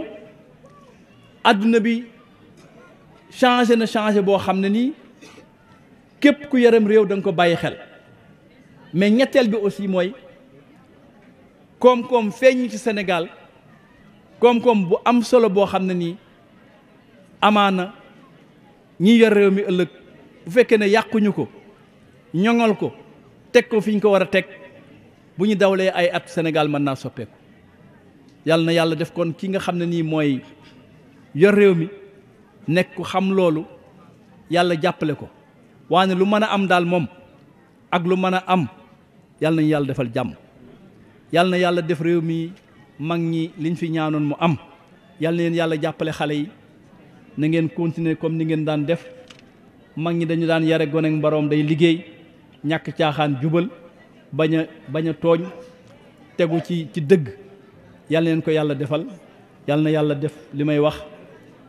àdduna bi changé na changé boo xam ne nii képp ku yaram réew da nga ko bàyyi xel mais ñetteel bi aussi mooy koom-koom feeñ ci Sénégal koom-koom bu am solo boo xam ne nii amaana ñi yor réew mi ëllëg bu fekkee ne yàquñu ko ñoŋal ko teg ko fi ñu ko war a teg bu ñu dawlee ay at Sénégal man naa soppeeku yàlla na yàlla def kon ki nga xam ne nii mooy yor réew mi nekk ku xam loolu yàlla jàppale ko waane lu mën a am daal moom ak lu mën a am yàlla nañu yàlla defal jàmm yàlla na yàlla def réew mi mag ñi liñ fi ñaanoon mu am yàlla na yéen yàlla jàppale xale yi na ngeen continuer comme ni ngeen daan def mag ñi dañu daan yare gone ak mbaroom day liggéey ñàkk caaxaan jubal bañ a bañ a tooñ tegu ci ci dëgg yal na leen ko yàlla defal yal na yàlla def li may wax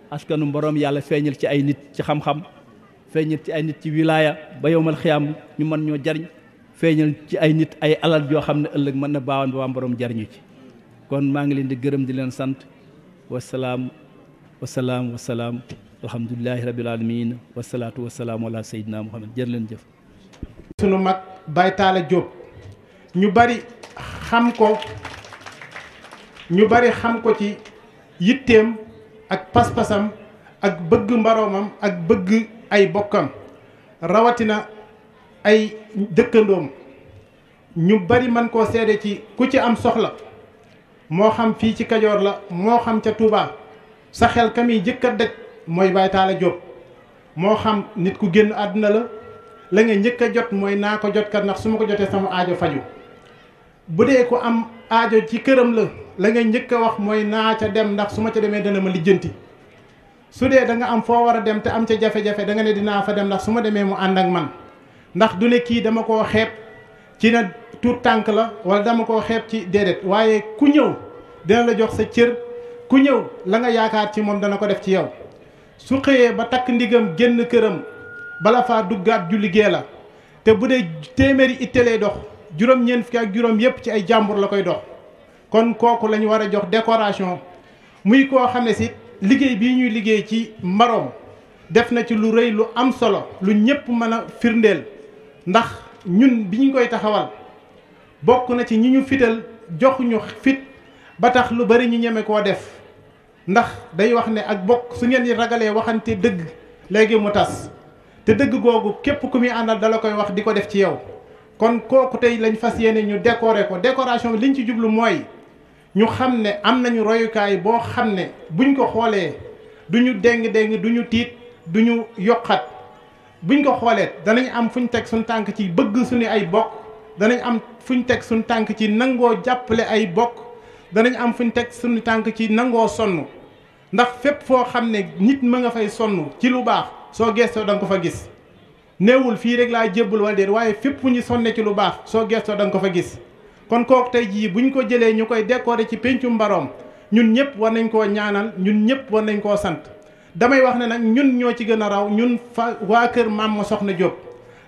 askanu boroom yàlla feeñal ci ay nit ci xam-xam feeñal ci ay nit ci wilaaya ba yowmal xiyaam ñu mën ñoo jariñ feeñal ci ay nit ay alal yoo xam ne ëllëg mën na baawaan ba waa boroom jariñu ci kon maa ngi leen di gërëm di leen sant wasalaam wasalaam wasalaam alhamdulilahi rabil alamin wasalaatu wasalaamu ala sayyidina muhammad jër leen jëf sunu mag Baye Talla ñu bari xam ko ñu bari xam ko ci yitteem ak pas-pasam ak bëgg mbaroomam ak bëgg ay bokkam rawatina ay jëkkandoom ñu bari mën koo seede ci ku ci am soxla moo xam fii ci Kajoor la moo xam ca Touba sa xel ka muy jëkk a mooy Baye Talla Diop moo xam nit ku génn àdduna la la nga njëkk a jot mooy naa ko jot kat ndax su ma ko jotee sama aajo faju bu dee ko am aajo ci këram la la nga njëkk a wax mooy naa ca dem ndax su ma ca demee dana ma lijjanti su dee da nga am foo war a dem te am ca jafe-jafe da nga ne dinaa fa dem ndax su ma demee mu ànd ak man ndax du ne kii dama koo xeeb ci na tuut tànk la wala dama koo xeeb ci déedéet waaye ku ñëw dina la jox sa cër ku ñëw la nga yaakaar ci moom dana ko def ci yow su xëyee ba takk ndigam génn këram bala faa duggaat julli gee la te bu dee téeméeri itte lay dox juróom-ñeent fukki ak juróom yépp ci ay jàmbur la koy dox kon kooku lañu war a jox décoration muy koo xam ne si liggéey bi ñuy liggéey ci maroom def na ci lu rëy lu am solo lu ñëpp mën a firndeel ndax ñun bi ñu koy taxawal bokk na ci ñi ñu fital jox fit ba tax lu bari ñu ñeme koo def ndax day wax ne ak bokk su ngeen ragalee waxante dëgg léegi mu tas te dëgg googu képp ku muy àndal dala koy wax di ko def ci yow kon kooku tey lañ fas yéene ñu décorer ko décoration bi liñ ci jublu mooy ñu xam ne am nañu royukaay boo xam ne buñ ko xoolee du ñu déng-déng du ñu tiit du ñu yokkat buñ ko xoolee danañ am fu ñu teg suñ tànk ci bëgg suñu ay bokk danañ am fuñ teg suñ tànk ci nangoo jàppale ay bokk danañ am fu ñu teg suñu tànk ci nangoo sonn ndax fépp foo xam ne nit ma nga fay sonn ci lu baax soo gestoo danga ko fa gis néewul fii rek laa jébbal wala déet waaye fépp fu ñu sonne ci lu baax soo gestoo da nga ko fa gis kon kooku tey jii bu ñu ko jëlee ñu koy décorer ci péncu mbaroom ñun ñëpp war nañ koo ñaanal ñun ñëpp war nañ koo sant damay wax ne nag ñun ñoo ci gën a raw ñun fa waa kër maam ma soxna Jóob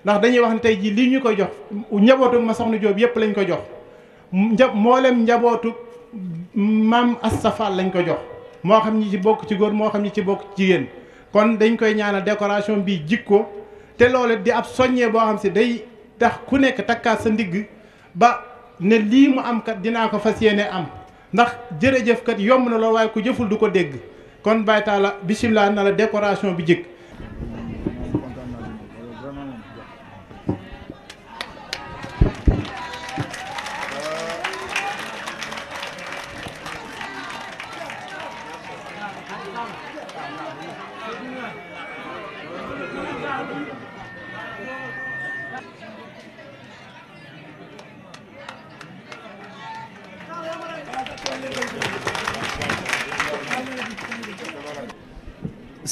ndax dañuy wax ne tey jii lii ñu ko jox njabootu ma soxna Jóob yëpp lañ ko jox nja mboolem njabootu maam Asta Fall lañ ko jox moo xam ñi ci bokk ci góor moo xam ñi ci bokk jigéen kon dañ koy ñaanal décoration bi jikko te loole di ab soññee boo xam si day tax ku nekk takkaat sa ndigg ba ne lii mu amkat dinaa ko fas yéene am ndax jërëjëf kat yomb na lool waaye ku jëful du ko dégg kon baytaala bisimilah na la décoration bi jikk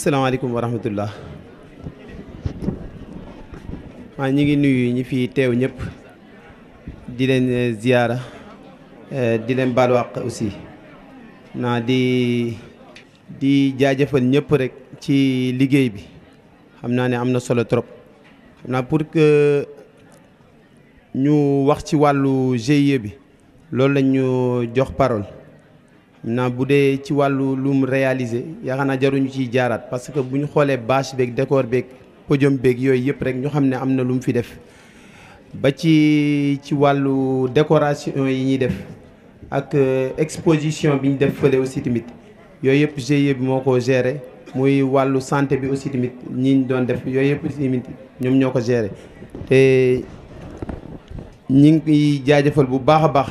asalaamaaleykum wa rahmatullah maa ñi ngi nuyu ñi fi teew ñëpp di leen eh, ziyaara eh, di leen baal wàq aussi naa di di jaajëfal ñëpp rek ci liggéey bi xam naa ni am na solo trop xam naa pour que ñu wax ci wàllu GIE bi loolu lañ ñu jox parole maintenant bu dee ci wàllu lu mu réalisé yaakaar naa jaruñu ciy jaaraat parce que bu ñu xoolee bâche beeg décor beeg podium beeg yooyu yëpp rek ñu xam ne am na lu mu fi def ba ci ci wàllu décoration yi ñuy def ak euh, exposition bi ñu def fële aussi tamit yooyu yëpp GIE bi moo ko gere muy wàllu santé bi aussi tamit ñi doon def yooyu yëpp tamit ñoom ñoo ko géré te ñi ngi jaajëfal bu baax a baax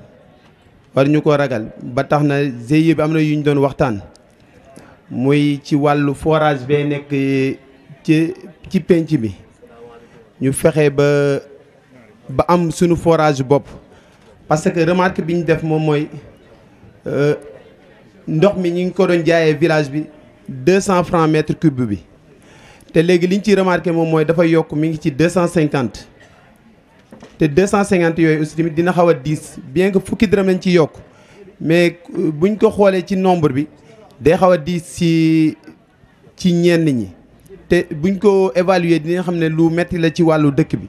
war ñu ko ragal ba tax na GIE bi am na yu ñu doon waxtaan muy ci wàllu forage bee nekk ci ci penc bi ñu fexe ba ba am sunu forage bopp parce que remarque bi ñu def moom mooy euh, ndox mi ñu ngi ko doon jaayee village bi 200 cent francs mètre cube bi te léegi liñ ci remarqué moom mooy dafa yokk mi ngi ci 250 te 250 yooyu aussi tamit dina xaw a diis bien que fukki dërëm lañ ci yokk mais euh, buñ ko xoolee ci nombre bi day xaw a diis ci ci ñenn ñi te buñ ko évaluer dina xam ne lu metti la ci wàllu dëkk bi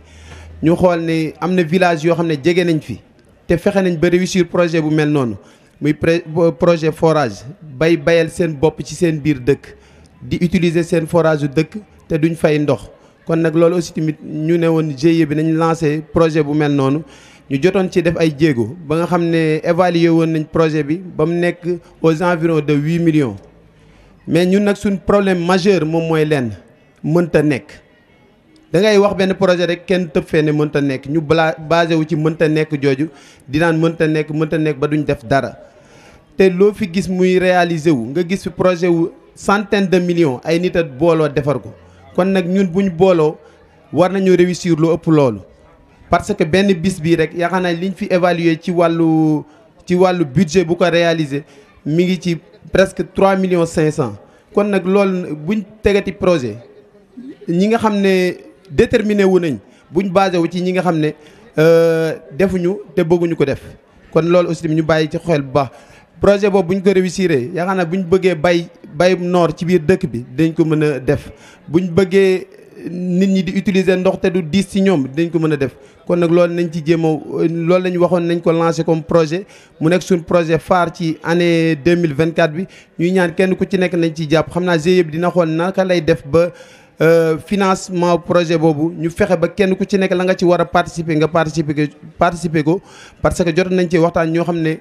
ñu xool ne am na village yoo xam ne jege nañ fi te fexe nañ ba réussir projet bu mel noonu muy euh, projet forage bay bayal seen bopp ci seen biir dëkk di utiliser seen forage yu dëkk te duñ fay ndox kon nag loolu aussi tamit ñu ne woon GIE bi nañ lancé projet bu mel noonu ñu jotoon ci def ay jéego ba nga xam ne évalué woon nañ projet bi ba mu nekk aux environs de huit millions mais ñun nag suñ problème majeur moom mooy lenn mënta nekk da ngay wax benn projet rek kenn tëb fee ne mënta nekk ñu bala basé wu ci mënta nekk jooju dinaan mënta nekk mënta nekk ba duñu def dara te loo fi gis muy réalisé wu nga gis fi projet wu centaine de millions ay nit a booloo defar ko kon nag ñun buñ booloo war nañu réussir lu ëpp loolu parce que benn bis bii rek yaakaar naa liñ fi évaluer ci wàllu ci wàllu budget bu ko réaliser mi ngi ci presque trois millions cinq cent kon nag loolu buñ tegati projet ñi nga xam ne déterminé wu nañ buñ basé ci ñi nga xam ne euh, defuñu te bëgguñu ko def kon loolu aussi ñu bàyyi ci xel bu baax projet bobu buñ ko réussir yaakaar naa bu ñu bay bay noor ci biir dëkk bi dañ ko mëna def buñ bëggé nit ñi di utiliser ndox té du diis ci ñoom dañ ko mëna def kon nak loolu nañ ci jëmo a loolu la ñu nañ ko lancer comme projet mu nek suñ projet phare ci année 2024 bi ñuy ñaan kenn ku ci nek nañ ci japp xamna naa dina xool naka lay def ba euh financement projet bobu ñu fexé ba kenn ku ci nek la nga ci wara participer nga participer participer ko parce que jot nañ ci waxtaan ñoo xamné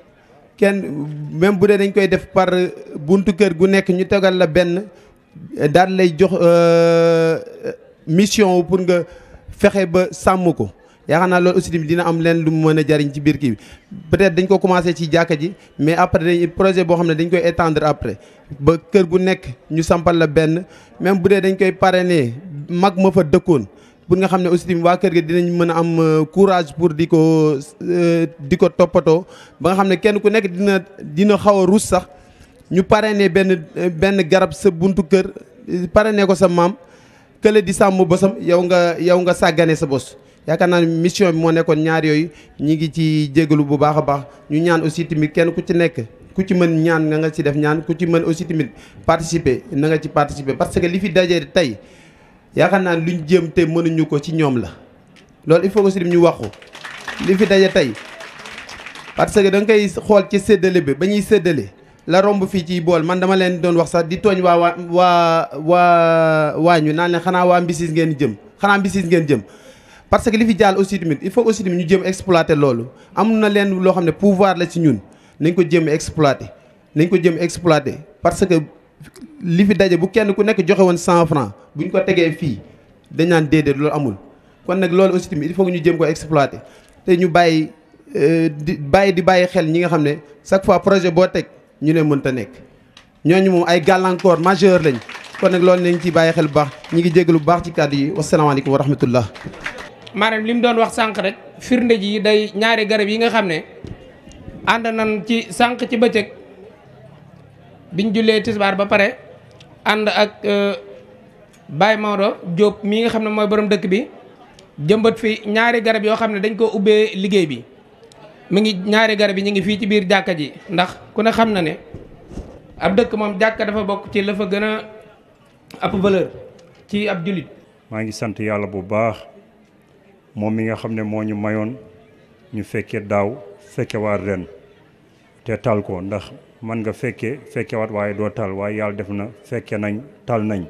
kenn même bu dee dañ koy def par buntu kër gu nekk ñu tegal la benn daal lay jox euh, mission pour nga fexe ba sàmm ko yaakaar naa loolu aussi dina am leen lu mu mën a jariñ ci biir kii bi peut-être dañ ko commencé ci jàkka ji mais après dañ projet boo xam ne dañ koy étendre après ba kër gu nekk ñu sampal la benn même bu dee dañ koy pare ne mag ma fa dëkkoon pour nga xamné aussi wa kër ga dinañ mëna am euh, courage pour diko diko di euh, ba nga xamné kenn ku nekk dina dina xaw rouss sax ñu parrainé ben ben garab sa buntu kër parrainé ko sa mam kele di sàmm bosam yow nga yow nga sagané sa bos yaaka na mission mo nekkon ñaar yoy ñi ngi ci jégalu bu baaxa baax ñu ñaan aussi timit kenn ku ci nekk ku ci mën ñaan nga nga ci def ñaan ku ci mën aussi timit participer na nga ci participer parce que li fi dajé tay yaakaar naa luñ jëm te mënuñu ko ci ñoom la loolu il faut aussi ñu waxu li fi daje tey parce que da nga koy xool ci séddale bi ba ñuy séddale la romb fii ci bool man dama leen doon wax sax di tooñ waa waa waa waa waañu naan leen xanaa waa mbisis ngeen jëm xanaa mbisis ngeen jëm parce que li fi jaal aussi tamit il faut aussi tamit ñu jëm exploiter loolu am na leen loo xam ne pouvoir la ci ñun nañ ko jëm exploiter nañ ko jëm exploiter parce que li fi daje bu kenn ku nekk joxe woon cent franc bu ñu ko tegee fii dañ naan déedéet loolu amul kon nag loolu aussi tamit il ñu jëm ko exploiter te ñu bàyyi euh, di bàyyi di bàyyi xel ñi nga xam ne chaque fois projet boo teg ñu ne mënta nekk ñooñu moom ay gàllankoor majeur lañ kon nag loolu nañ ci bàyyi xel bu baax ñi ngi jéggalu bu baax ci kàddu yi wasalaamaaleykum wa rahmatullah maanaam li mu doon wax sànq rek firnde ji day ñaari garab yi nga xam ne ànd nañ ci sànq ci bëccëg biñ jullee tisbaar ba pare ànd ak euh, Baye Maodo Diop mii nga xam ne mooy borom dëkk bi jëmbat fi ñaari garab yoo xam ne dañ koo ubbee liggéey bi mu ngi ñaari garab yi ñu ngi fii ci biir jàkka ji ndax ku ne xam na ne ab dëkk moom jàkka dafa bokk ci la fa gën a ab valeur ci ab jullit. maa ngi sant yàlla bu baax moom mi nga xam ne moo ñu mayoon ñu fekke daaw fekke waa ren te tal ko ndax. man nga fekkee fekkewaat waaye doo tal waaye yàlla def na fekke nañ tal nañ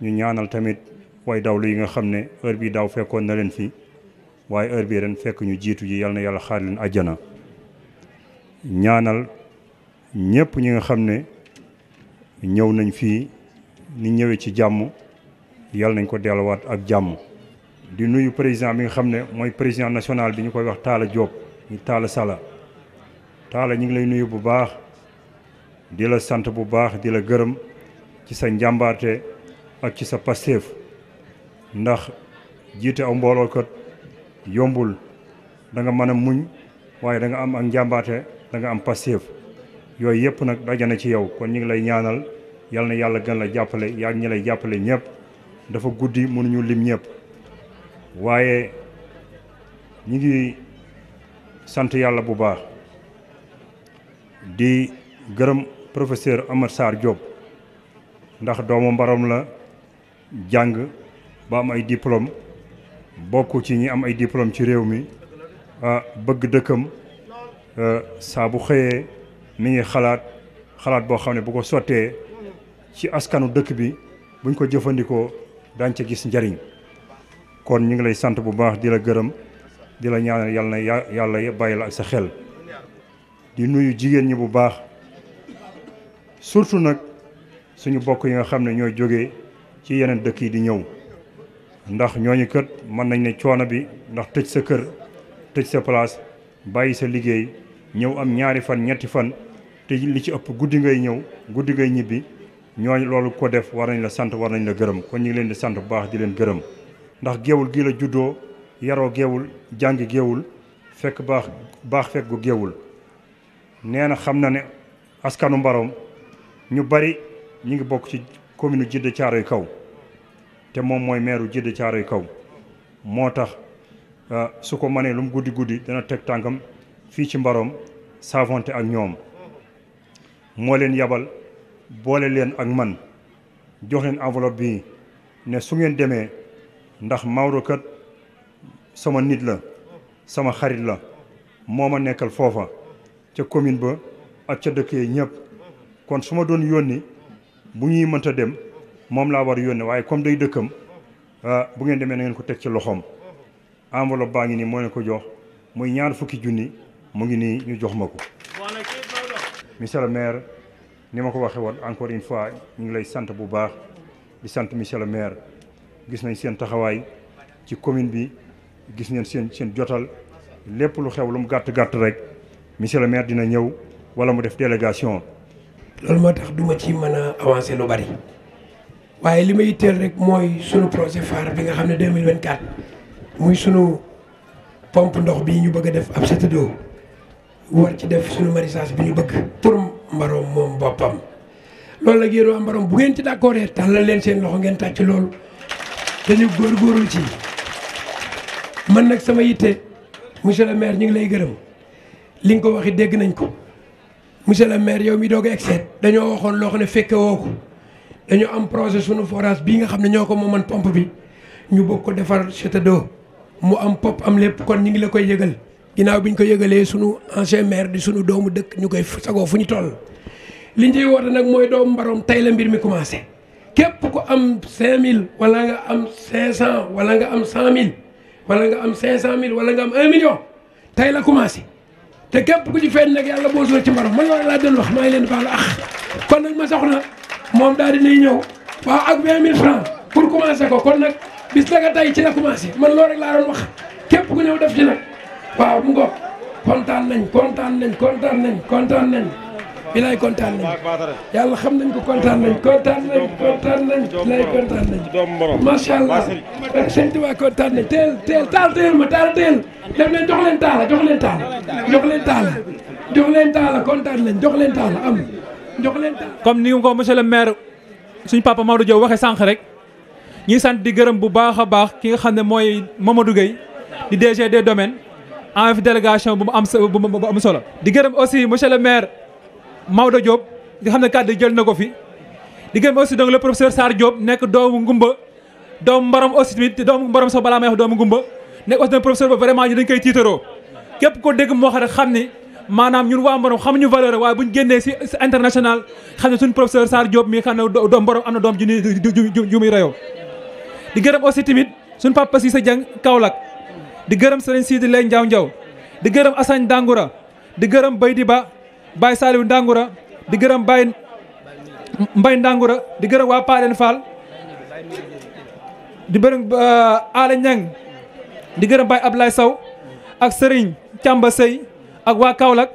ñu ñaanal tamit way dawlu yi nga xam ne heure bi daw fekkoon na leen fi waaye heure bii ren fekk ñu jiitu ji yal na yàlla xaar leen àjjana ñaanal ñëpp ñi nga xam ne ñëw nañ fii ni ñëwee ci jàmm yal nañ ko delluwaat ak jàmm di nuyu président bi nga xam ne mooy président national bi ñu koy wax Talla Diop ñu taala Sala taala ñu ngi lay nuyu bu baax di la sant bu baax di la gërëm ci sa njàmbaarte ak ci sa pastéef ndax jiite aw mbooloo kat yombul danga mën a muñ waaye danga am ak njàmbaarte danga am pastéef yooyu yëpp nag daje na ci yow kon ñu ngi lay ñaanal yal na yàlla gën la jàppale yaa ngi ñi lay jàppale ñëpp dafa guddi mënuñu lim ñëpp waaye ñu ngi sant yàlla bu baax di gërëm professeur Amar Sarr Diop ndax doomu mbarom la jàng ba am ay diplôme bokk ci ñi am ay diplôme ci réew mi bëgg dëkkam saa bu xëyee mi ngi xalaat xalaat boo xam ne bu ko sottee ci askanu dëkk bi buñ ko jëfandikoo dañ ca gis njariñ kon ñu ngi lay sant bu baax di la gërëm di la ñaanal yàlla na yàlla bàyyi la ak sa xel di nuyu jigéen ñi bu baax surtout nag suñu bokk yi nga xam ne ñooy jóge ci yeneen dëkk yi di ñëw ndax ñooñu kët mën nañ ne coono bi ndax tëj sa kër tëj sa place bàyyi sa liggéey ñëw am ñaari fan ñetti fan te li ci ëpp guddi ngay ñëw guddi ngay ñibbi ñooñu loolu ko def war nañ la sant war nañ la gërëm ko ñu leen di sant bu baax di leen gërëm ndax géewul gii la juddoo yaroo géewul jàngi géewul fekk baax baax fekk gu géewul nee na xam na ne askanu mbaroom ñu bari ñu ngi bokk ci commune Djiddah Thiaroye Kaw te moom mooy meeru caaro Thiaroye Kaw moo tax euh, su ko mënee lu mu guddi guddi dana teg tànkam fii ci mbaroom savonte ak ñoom moo leen yabal boole leen ak man jox leen enveloppe bi ne su ngeen demee ndax Maodo kat sama nit la sama xarit la moo ma nekkal foofa ca commune ba ak ca dëkk yi ñëpp kon su ma doon yónni bu ñuy mënta dem moom laa war yónni waaye comme day dëkkam ah, bu ngeen demee na ngeen ko teg ci loxoom enveloppe baa ngi nii moo ne ko jox muy ñaar fukki junni mu ngi nii ñu jox ma ko. monsieur le maire ni ma ko waxee woon encore une fois ñu ngi lay sant bu baax di sant monsieur le maire gis nañ seen taxawaay ci commune bi gis nañ seen seen jotal lépp lu xew lu mu gàtt gàtt rek. monsieur le dina ñëw wala mu def délégation. loolu moo tax duma ci mën a avancer lu bari waaye li ma itteel rek mooy sunu projet phare bi nga xam ne 2024 muy sunu pompe ndox bi ñu bëgg a def ab château d'eau war ci def sunu maraîchage bi ñu bëgg pour mbaroom moom boppam. loolu nag yéen waa mbaroom bu ngeen ci d'accord tàllal leen seen loxo ngeen tàcc loolu dañu góorgóorlu ci mën nag sama yitte monsieur ñu ngi lay gërëm. li ko waxi dégg nañ ko monsieur le maire yow mi doog excès dañu dañoo lo xone fekke woko dañu am projet sunu forage bi nga xamne ñoko mo man pompe bi ñu bokk ko defar cheta do mu am pop am lepp kon ñi ngi la koy yëgal ginaaw biñ ko yëgalee sunu ancien maire di sunu doomu dekk ñukay sago sagoo fu ñu toll liñ ci woote nak moy doom mbaroom tay la mbir mi commencé kep ko am 5000 wala nga am 500 wala nga am 100000 wala nga am 500000 wala nga am 1 million tay la commencé te képp ku ci feeñ nag yàlla boo ci morom man loolu laa doon wax maa ngi leen baalu ax kon nag ma soxna moom daal dinay ñëw waaw ak mil francs pour commencer ko kon nag bis naka tey ci la commencé man loo rek laa wax képp ku ñëw def ci nag waaw mu ngoog kontaan nañ kontaan nañ kontaan nañ kontaan nañ bilaay kontaan nañ yàlla xam nañ ko kontaan nañ kontaan nañ kontaan nañ bilaay kontaan nañ macha allah sëñ Tuubaa kontaan nañ teel teel taal teel ma taal teel def leen jox leen taala jox leen taala jox leen taala jox leen taala kontaan nañ jox leen taala jox leen taala comme ni ko monsieur le maire suñ papa Maodo Diop waxee sànq rek ñuy sant di gërëm bu baax a baax ki nga xam ne mooy Mamadou Gueye di DG des domaines en délégation bu mu am bu ma am solo di gërëm aussi monsieur le maire Maudo Diop di xamne kaddu jël nako fi di gëm aussi donc le professeur Sar Diop nek doom ngumba doom mbaram aussi tamit doom mbaram so bala may wax doomu ngumba nek aussi professeur ba vraiment ñu dañ koy titéro kep ko dégg mo xara xamni manam ñun wa mbaram ñu valeur waaye buñu génnee ci international xamni suñu professeur Sar Diop mi xam doom mbaram amna doom ju ju muy rayo di gërem aussi tamit suñu papa Cissé Diang Kaolack di gërem Serigne Sidi Lay Ndiaw Ndiaw di gërem Assane Dangoura di gërem Baydi Ba Baye Saliou Ndangoura di gërëm Baye Mbaye Ndangoura di gërëm waa Paalen Fall di bërëm euh, ala Ñang di gërëm Baye Ablaye saw ak sëriñ càmba Sey ak waa kawlak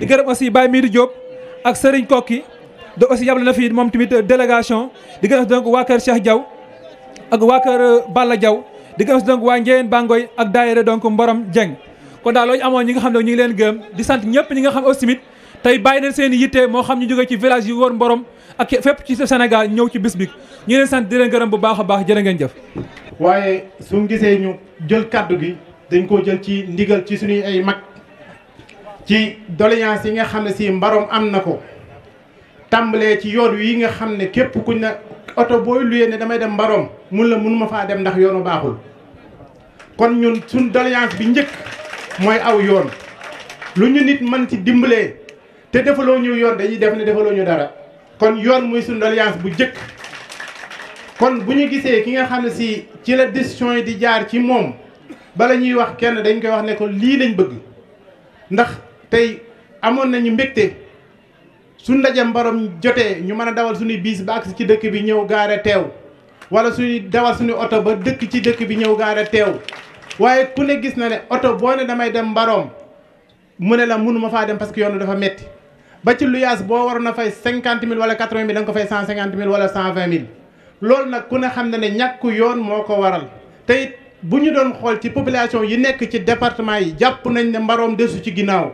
di gërëm aussi Baye Midi Diop ak Serigne Kokki da aussi yàble na fi moom tamit délégation di gërëm donc waa kër Cheikh jaw ak waa kër euh, Balla Diaw di gërëm donc waa Njeyeen Bangoy ak daayira donc Mborom Dieng kon daal loolu amoon ñi nga xam ne ñu ngi leen gërëm di sant ñëpp ñi nga xam aussi tamit tey bàyyi nañ seen i yitte moo xam ñu jógee ci village yi wër Mborom ak fépp ci Sénégal ñëw ci bis bi ñu sant di leen gërëm bu baax baax jërë ngeen jëf. waaye su gisee ñu jël kàddu gi dañ koo jël ci ndigal ci suñuy ay mag ci doléance yi nga xam ne si Mborom am na ko tàmbalee ci yoon wi nga xam ne képp kuñ na oto booy luyee ne damay dem Mborom mun la mun ma faa dem ndax yoon yoonu baaxul kon ñun suñ doléance bi njëkk mooy aw yoon lu ñu nit mën ci dimbalee. te defaloo ñu yor dañuy def ne defaloo ñu dara kon yoon muy suñu doléance bu jëkk kon bu ñu gisee ki nga xam ne si ci la décision yi di jaar ci moom bala ñuy wax kenn dañ koy wax ne ko lii lañ bëgg ndax tey amoon nañu mbégte suñ ndaje mbarom jotee ñu mën a dawal suñu biis ba agsi ci dëkk bi ñëw gaare teew wala suñuy dawal suñu oto ba dëkk ci dëkk bi ñëw gaare teew waaye ku ne gis na ne oto boo ne damay dem mbaroom mu ne la mënuma faa dem parce que yoonu dafa metti ba ci luyaas boo waroon na fay cinquante mille wala quatre-vingt mille da nga ko fay cent cinquante mille loolu nag ku ne xam na ne ñàkku yoon moo ko waral te it bu ñu doon xool ci population yi nekk ci département yi jàpp nañ ne mbaroom desu ci ginnaaw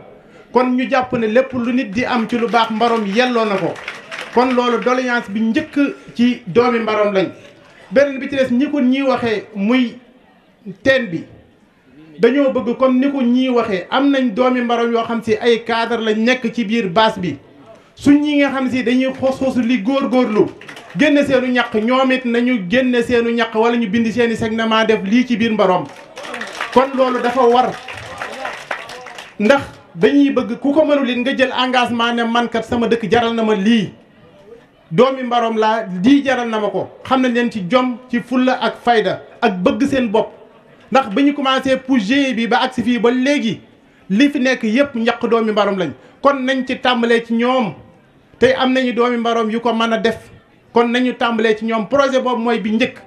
kon ñu jàpp ne lépp lu nit di am ci lu baax mbaroom yelloo na ko kon loolu doléance bi njëkk ci doomi mbaroom lañ benn bi ci des ñi ko ñi waxee muy teen bi dañoo bëgg kon ni ko ñii waxee am nañ doomi mbaram yoo xam si ay kaadar lañ nekk ci biir baas bi suñ ñi nga xam si dañuy xos xosu li góorlu génn seenu ñaq ñoomit nañu génn seenu ñaq wala ñu bind seeni segnement def lii ci biir mbarom kon loolu dafa war ndax dañuy bëgg ku ko mënul it nga jël engagement ne mankat sama dëkk jaral na ma lii doomi mbaroom laa di jaral na ma ko xam nañ leen ci jom ci fulla ak fayda ak bëgg seen bopp ndax ba ñu commencé projet bi ba agsi fii ba léegi li fi nekk yëpp ñaq doomi mbarom lañ kon nañ ci tàmbalee ci ñoom tey am nañu doomi mbarom yu ko mën a def kon nañu tàmbalee ci ñoom projet boobu mooy bi njëkk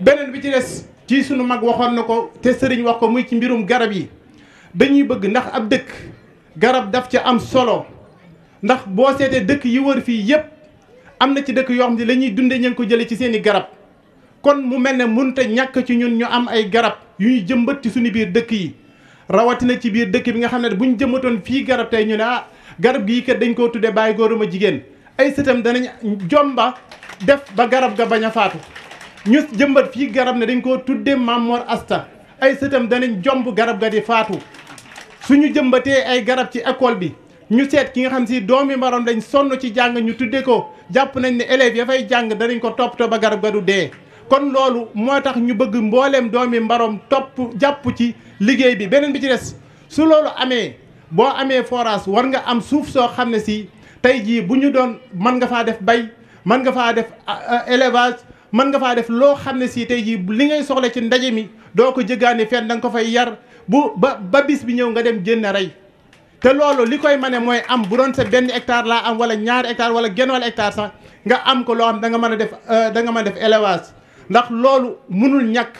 beneen bi ci des ci sunu mag waxoon na ko te sëriñ wax ko muy ci mbirum garab yi dañuy bëgg ndax ab dëkk garab daf ci am solo ndax boo seetee dëkk yi wër fii yëpp am na ci dëkk yoom xam lañuy la ñuy dunde ñu ko jëlee ci seeni garab kon mu mel ne munta ñàkk ci ñun ñu am ay garab yu ñu jëmbat ci suñu biir dëkk yi rawatina ci biir dëkk bi nga xam ne ñu jëmbatoon fii garab tey ñu ne ah garab gii kat dañ koo tuddee bàyyi góoruma jigéen ay sëtam danañ jomba def ba garab ga bañ a faatu ñu jëmbat fii garab ne dañ ko tuddee Mamor Asta ay sëtam danañ jomb garab ga di faatu suñu jëmbatee ay garab ci école bi ñu seet ki nga xam si doom doomi maroom dañ sonn ci jàng ñu tudde ko jàpp nañ ne élèves ya fay jàng danañ ko toppatoo ba garab ga dee kon loolu moo tax ñu bëgg mbooleem doomi mbaroom topp jàpp ci liggéey bi beneen bi ci des su loolu amee boo amee forage war nga am suuf soo xam ne si tey jii bu ñu doon mën nga faa def bay mën nga faa def ah, ah, élevage mën nga faa def loo xam ne sii tey jii li ngay soxla ci ndaje mi doo ko jëggaani fenn da ko fay yar bu ba ba bis bi ñëw nga dem jënd rey te loolu li koy mane mooy am bu doon sa benn hectare laa am wala ñaari hectare wala genn wala hectare sax nga am ko loo xam mën a def euh, da nga def élevage ndax loolu mënul ñàkk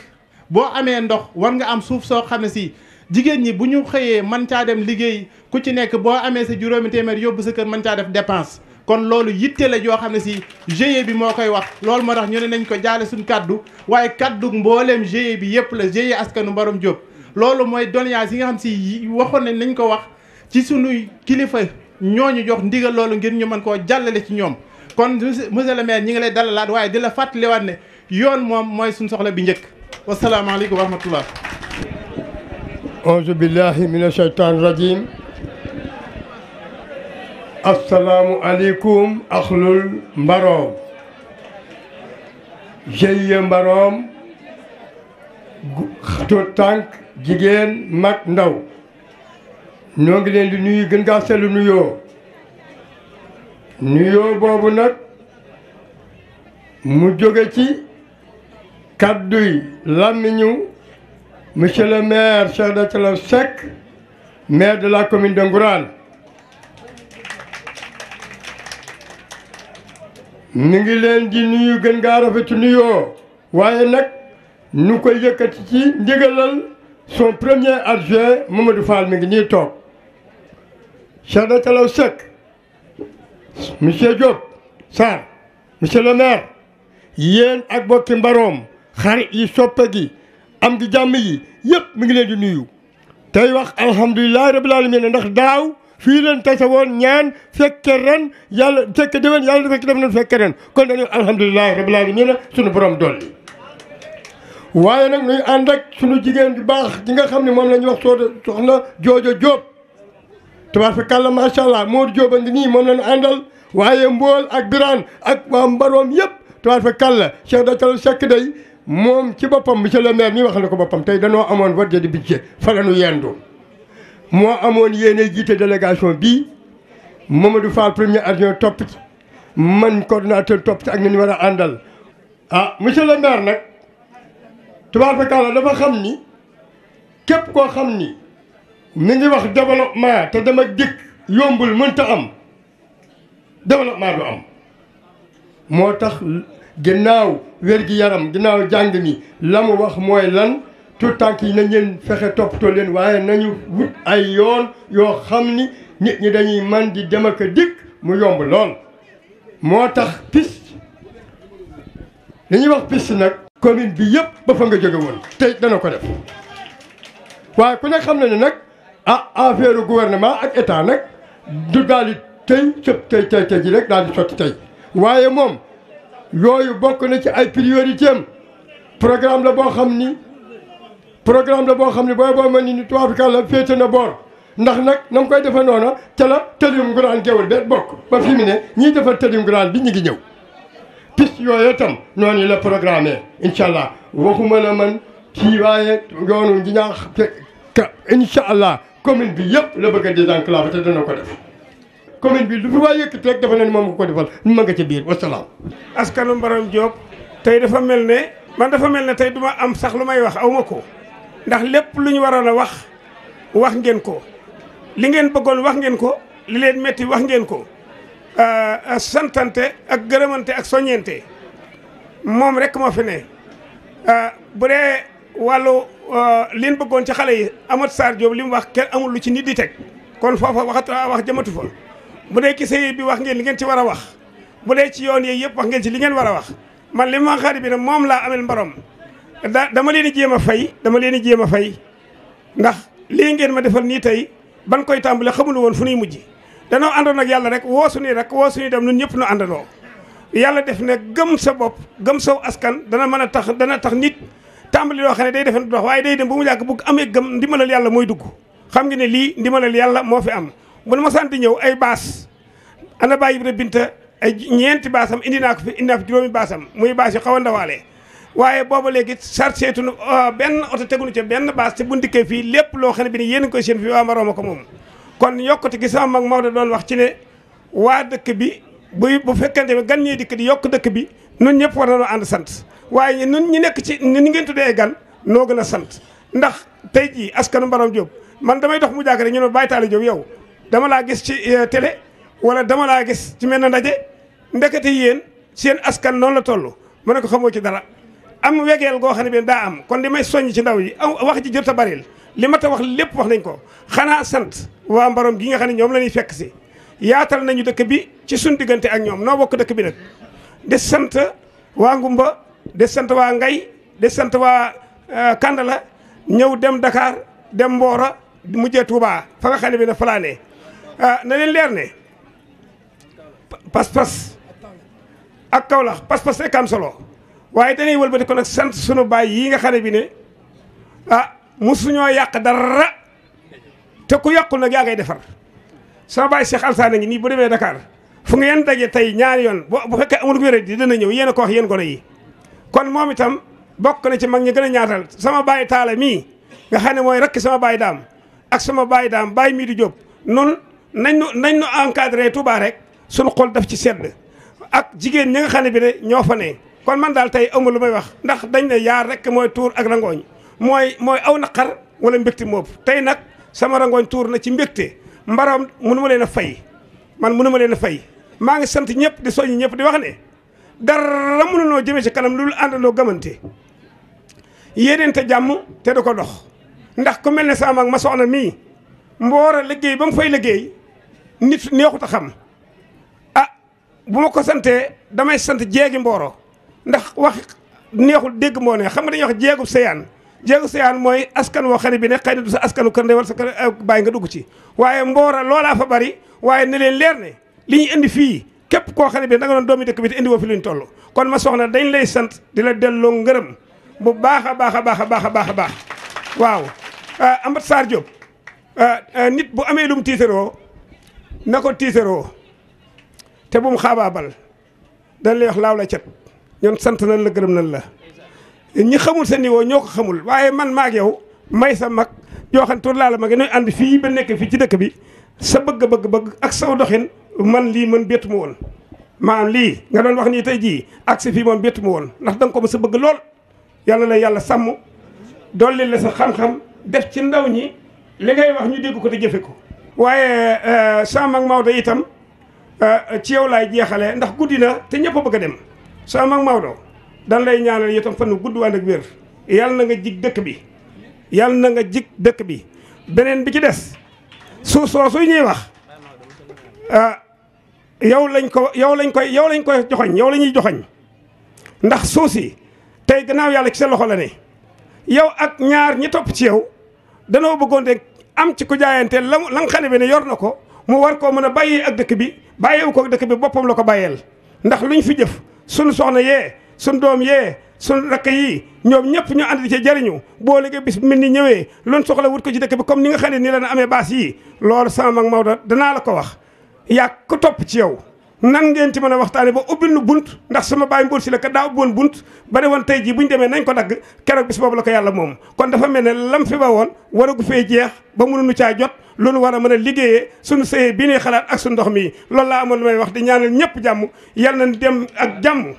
boo amee ndox war nga am suuf soo xam ne si jigéen ñi bu ñu xëyee man caa dem liggéey ku ci nekk boo amee sa juróomi téeméer yóbbu sa kër man caa def dépense kon loolu yitte la joo xam ne si GIE bi moo koy wax loolu moo tax ñu ne nañ ko jaale suñu kaddu waaye kaddu mbooleem GIE bi yëpp la GIE askanu Mbarom Diop loolu mooy doléance yi nga xam si waxoon nañ nañ ko wax ci suñuy kilifa ñooñu jox ndigal loolu ngir ñu mën koo jàllale ci ñoom kon monsieur le maire ñi ngi lay dalalaat waaye di la fàttaliwaat ne yoon moom mooy suñ soxla bi njëkk wasalaamaaleykum wa rahmatullah auzu billahi mina shaytaani rajim asalaamu aleykum axlul mbaroom jëye mbaroom tu tànk jigéen mag ndaw ñoo ngi leen di nuyu gën ngaa seetlu nuyoo nuyoo boobu nag mu jóge ci kaddu yi monsieur le maire Cheikh Dethié Sec, maire de la commune de Ngourane mi ngi leen di nuyu gën ngaa rafetu son premier adjoint Mamadou Fall mi ngi nii toog Cheikh Dethié monsieur Diop ça, monsieur le maire Yen ak Kimbarom. xarit yi soppe gi am di jàmm yi yëpp mi ngi leen di nuyu tey wax alhamdulilahi rabil alamin ndax daaw fii leen tase woon ñaan fekke ren yàlla fekke déwén yàlla fekk def nañ fekke ren kon dañu alhamdulilahi rabil alamin suñu borom dool waaye nag nuy ànd ak suñu jigéen bi baax gi nga xam ne moom la wax soo soxna joojo jóob tabaar fa kàlla macha allah Modou Diop a ngi nii moom la àndal waaye mbool ak biraan ak waa mbaroom yëpp tabaar fa kàlla Cheikh Dakar day moom ci boppam monsieur le maire mi wax na ko boppam tey danoo amoon vote di budget fa la ñu yendu moo amoon yéene jiite délégation bii Mamadou Fall premier adjoint topp ci man coordonnateur topp ci ak nañu war a àndal ah monsieur le maire nag tubaab fakala dafa xam ni képp koo xam ni mi ngi wax développement te dama dikk yombul mënta am développement du am moo tax ginnaaw wér-gi-yaram ginnaaw jàng mi la mu wax mooy lan tout tànk yi na ngeen fexe toppatoo leen waaye nañu wut ay yoon yoo xam ni nit ñi dañuy man di dem ak dikk mu yomb lool moo tax pis li ñuy wax piste nag commune bi yëpp ba fa nga jóge woon tey dana ko def waaye ku ne xam na ne nag ah affaire gouvernement ak état nag du daal di tey sëp tey tey tey ji rek daal di sotti tey waaye moom yooyu bokk na ci ay priorité am programme la boo xam ni programme la boo xam ni booy boo mel ni tubaab kàlla féete na boor ndax nag na mu koy defee noona te la tëlim nguraan géwél bet bokk ba fi mu ne ñii defar tëlim nguraan bi ñu ngi ñëw piste yooyu itam noonu la programmé incha allah waxuma la man kii waaye yoonu ngi ñaax incha allah commune bi yëpp la bëgg a désenclaver te dana ko def commune bi lu fi waa yëkkati rek dafa ne moom nga ko defal ma nga ca biir wasalaam. askanu Mbaram Diop tey dafa mel ne man dafa mel ne tey duma am sax lu may wax awma ko ndax lépp lu ñu waroon a wax wax ngeen ko li ngeen bëggoon wax ngeen ko li leen metti wax ngeen ko euh, santante ak gërëmante ak soññeente moom rek moo fi ne euh, bu dee wàllu euh, liñ bëggoon ci xale yi Amath Sarr Diop li mu wax kenn amul lu ci nit di teg kon foofa waxat wax jëmatu fa bu dee kese sëy bi wax ngeen li ngeen ci war a wax bu dee ci yoon yooyu yëpp wax ngeen ci li ngeen war a wax man li ma xarit bi nag moom laa amel mbarom da dama leen di jéem a fay dama leen di jéem a fay ndax lii ngeen ma defal nii tey ban koy tàmbale xamuloo woon fu nuy mujj danoo àndoon ak yàlla rek woo su suñuy rek woo suñuy dem ñun ñëpp nu àndandoo yàlla def ne gëm sa bopp gëm saw askan dana mën a tax dana tax nit tàmbali loo xam ne day defen du dox waaye day dem bu mu yàgg bu amee gëm ndimbalal yàlla mooy dugg xam nga ne lii ndimbalal yàlla moo fi am bu nu ma di ñëw ay baas ana baa Ibra Binta ay ñeenti baasam indi naa ko fi indi naa fi juróomi baasam muy baas yu xaw a ndawaale waaye booba léegi sarseetu nu euh, benn oto tegunu ca benn baas te bu ndikkee fii lépp loo xam ne bi ni yéen a ngi koy seen fii waa Marooma ko moom kon yokkute gis sama mag Maodo doon wax ci ne waa dëkk bi bu bu fekkente ne gan ñuy dikk di yokk dëkk bi nun ñëpp war nañoo ànd sant waaye nun ñi nekk ci ni ngeen tuddee gan noo gën a sant ndax tey jii askanu Mbarom Diop man damay dox mu jàkk rek ñu ne Baye Talla yow dama laa gis ci euh, télé wala dama laa gis ci mel na ndaje ndekete yéen seen askan noonu la toll mu ne ko xamoo ci dara am wegeel goo xam ne bi daa am kon li may soññ ci ndaw yi aw wax ji jot a baril li ma ta wax lépp wax nañ ko xanaa sant waa mbarom gi nga xam ne ñoom la ñuy fekk si yaatal nañu dëkk bi ci suñ diggante ak ñoom noo bokk dëkk bi nag de sant waa ngumba de sant waa ngay de sant waa euh, kandala ñëw dem Dakar dem Mboora mujjee tuubaa fa nga xam ne bi na falaanee ah na leen leer ne pas-pas ak Kaolack pas-pas rek am solo waaye dañuy wëlbati ko nag sant sunu baay yii nga xam ne bi ne ah mosuñoo yàq dara te ku yàqu nag yaa ngay defar sama baay Cheikh Alassane ngi nii bu demee Dakar fu ngeen daje tey ñaari yoon bu fekkee amul wér di dana ñëw yéen a ko wax yéen gone yi kon moom itam bokk na ci mag ñi gën a ñaatal sama baay taala mii nga xam ne mooy rakk sama baay daam ak sama baay daam baay mii di Jóob nañ nu nañ nu encadré Touba rek sunu xol daf ci sedd ak jigéen ñi nga xam ne bi de ñoo fa ne kon man daal tey amul lu may wax ndax dañ ne yaar rek mooy tuur ak rangooñ mooy mooy aw naqar wala mbégte moob tey nag sama rangooñ tuur na ci mbégte mbaram mënu ma leen a fay man mënu ma leen a fay maa ngi sant ñëpp di soññ ñëpp di wax ne dara mënunoo jëmee ci kanam lu àndandoo gëmante yéeneente jàmm te du ko dox ndax ku mel ne sama mag ma soxna mii mboora liggéey ba mu fay liggéey nit neexut a xam a ah, bu ma ko santee damay sant jeegi mbooro ndax wax neexul dégg moo ne xam nga dañu wax jéegu seyaan jéegu seyaan mooy askan woo xarit bi ne xëy na du sa askanu kër ndey wala sa kër eh, bàyyi nga dugg ci waaye mboora loolaa fa bari waaye ne leen leer ne li ñu indi fii képp koo xam bi da nga doon doomi dëkk bi te indi woo fi kon ma soxna dañ lay sant di delloo ngërëm bu baax a baax a baax a baax a baax a baax waaw ah, Amath Sarr Diop ah, nit bu amee lum tiitaroo na ko tiitaroo te bu mu xaabaabal dañ lay wax laaw la cet ñoon sant nañ la gërëm nañ la ñi xamul sa niveau ñoo ko xamul waaye man maag yow may sa mag yoo xam tur laa la mag ñooy ànd fii ba nekk fii ci dëkk bi sa bëgg-bëgg-bëgg ak saw doxin man lii man bettu ma woon maanaam lii nga doon wax nii tey jii ak si fii moom bettu ma woon ndax danga ko ma sa bëgg lool yàlla la yàlla sàmm dolli la sa xam-xam def ci ndaw ñi li ngay wax ñu dégg ko te jëfe ko waaye eh, Sam ak Maodo itam eh, ci yow laay jeexale ndax guddi na te ñëpp bëgg a dem Sam ak Maodo dan lay ñaanal itam fan guddi ànd ak wér yàlla na nga jig dëkk bi yàlla na nga jig dëkk bi beneen bi ci des suuf suy ñuy wax ah, yow lañ ko yow lañ koy yow lañ koy joxoñ yow la ñuy ndax suuf si tey gannaaw yàlla ci sa loxo la ne yow ak ñaar ñi topp ci yow danoo bëggoon de am ci ku jaayanteel la lan nga xam ne yor na ko mu war koo mën a bàyyi ak dëkk bi bàyyiwu ko ak dëkk bi boppam la ko bàyyeel ndax luñ fi jëf sunu soxna yee suñ doom yee suñ rakk yi ñoom ñëpp ñu ànd di ci jariñu boo liggéey bis mel ni ñëwee luñ soxla wut ko ci dëkk bi comme ni nga xam ne nii la na amee baas yii loolu sama mag Maodo danaa la ko wax yaa ko topp ci yow nan ngeen ci mën a waxtaane ba ubbil lu bunt ndax sama bàyyi mbóot si la ka daa ubboon bunt ba ne woon tey jii bu demee nañ ko dagg keroog bis boobu la ko yàlla moom kon dafa mel ne lam fi ba woon waragu fee jeex ba mënuñu caa jot loolu war a mën a liggéeyee suñu sëyee bii ñuy xalaat ak suñu ndox mi loolu laa amoon lu may wax di ñaanal ñëpp jàmm yal nañ dem ak jàmm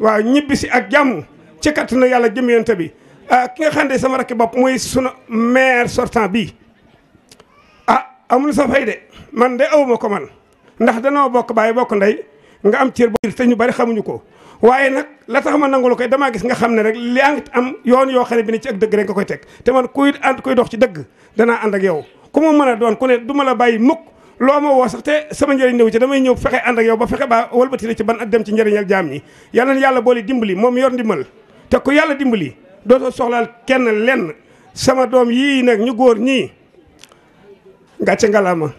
waaw ñibbi si ak jàmm ci kattanu yàlla jëm yonte bi ah ki nga xam sama rakki bopp mooy sunu maire sortant bii ah amul sa fay man de awuma ko ndax danoo bokk baay bokk ndey nga am cër boobu te ñu bari xamuñu ko waaye nag la tax ma nangu la koy damaa gis nga xam ne rek li nga am yoon yoo xam ne bi ne ci dëgg rek nga koy teg te man kuy ànd kuy dox ci dëgg danaa ànd ak yow ku ma mën a doon ku ne du ma la bàyyi mukk loo ma woo sax te sama njëriñ néew ci damay ñëw fexe ànd ak yow ba fexe baa walbati la ci ban ak dem ci njëriñal jaam ñi yàlla na yàlla boole dimbali moom yor ndimbal te ku yàlla dimbali dootoo soxlaal kenn lenn sama doom yii nag ñu góor ñii gàcce ngalaama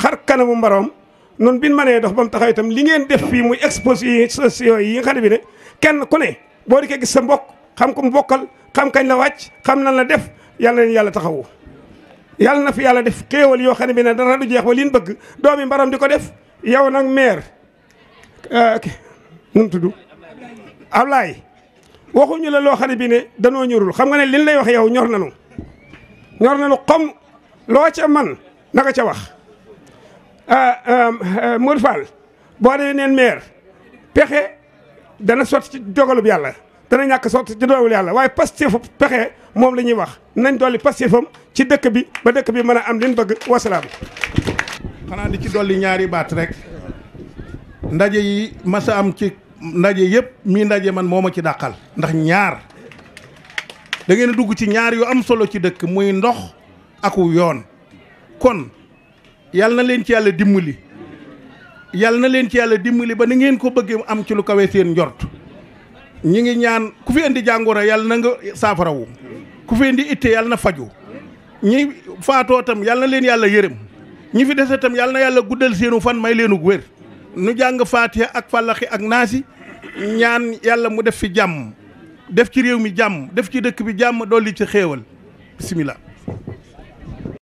xar kanamu mbaroom noonu biin ñu mënee dox ba mu taxaw itam li ngeen def fii muy exposition yi nga xam ne bi ne kenn ku ne boo di ko gis sa mbokk xam ko mu bokkal xam kañ la wàcc xam nan la def yàlla leen yàlla taxawu. yàlla na fi yàlla def xéewal yoo xam ne bi ne dara du jeex ba li ñu bëgg doomi di ko def yow nag maire euh, nu mu tudd Ablaye loo xam ne bi ne danoo ñorul xam ne liñ lay wax yaw ñor nanu ñor nanu xom loo ca man na nga ca wax Euh, euh, euh, Modou Fall boo demee neen meer pexe dana sot ci dogalub yàlla dana ñàkk sot ci dogalub yàlla waaye pasteefu pexe moom la ñuy wax nañ dolli pasteefam ci dëkk bi ba dëkk bi mën a am liñ bëgg wasalaam. xanaa di ci dolli ñaari baat rek ndaje yi masa am ci ndaje yëpp mii ndaje man moo ma ci dàqal ndax ñaar da ngeen dugg ci ñaar yu am solo ci dëkk muy ndox aku yoon kon. yal na leen ci yàlla dimbali yal na leen ci yàlla dimbali ba ni ngeen ko bëggee am ci lu kawe seen njort ñi ngi ñaan ku fi indi jàngoro yal na nga saafarawu ku fi indi itte yal na faju ñi faatoo tam yal na leen yàlla yërëm ñi fi dese tam yal na yàlla guddal seenu fan may leenu wér nu jàng faatiha ak fallaxi ak naasi ñaan yàlla mu def fi jàmm def ci réew mi jàmm def ci dëkk bi jàmm dolli ci xéewal bisimilah.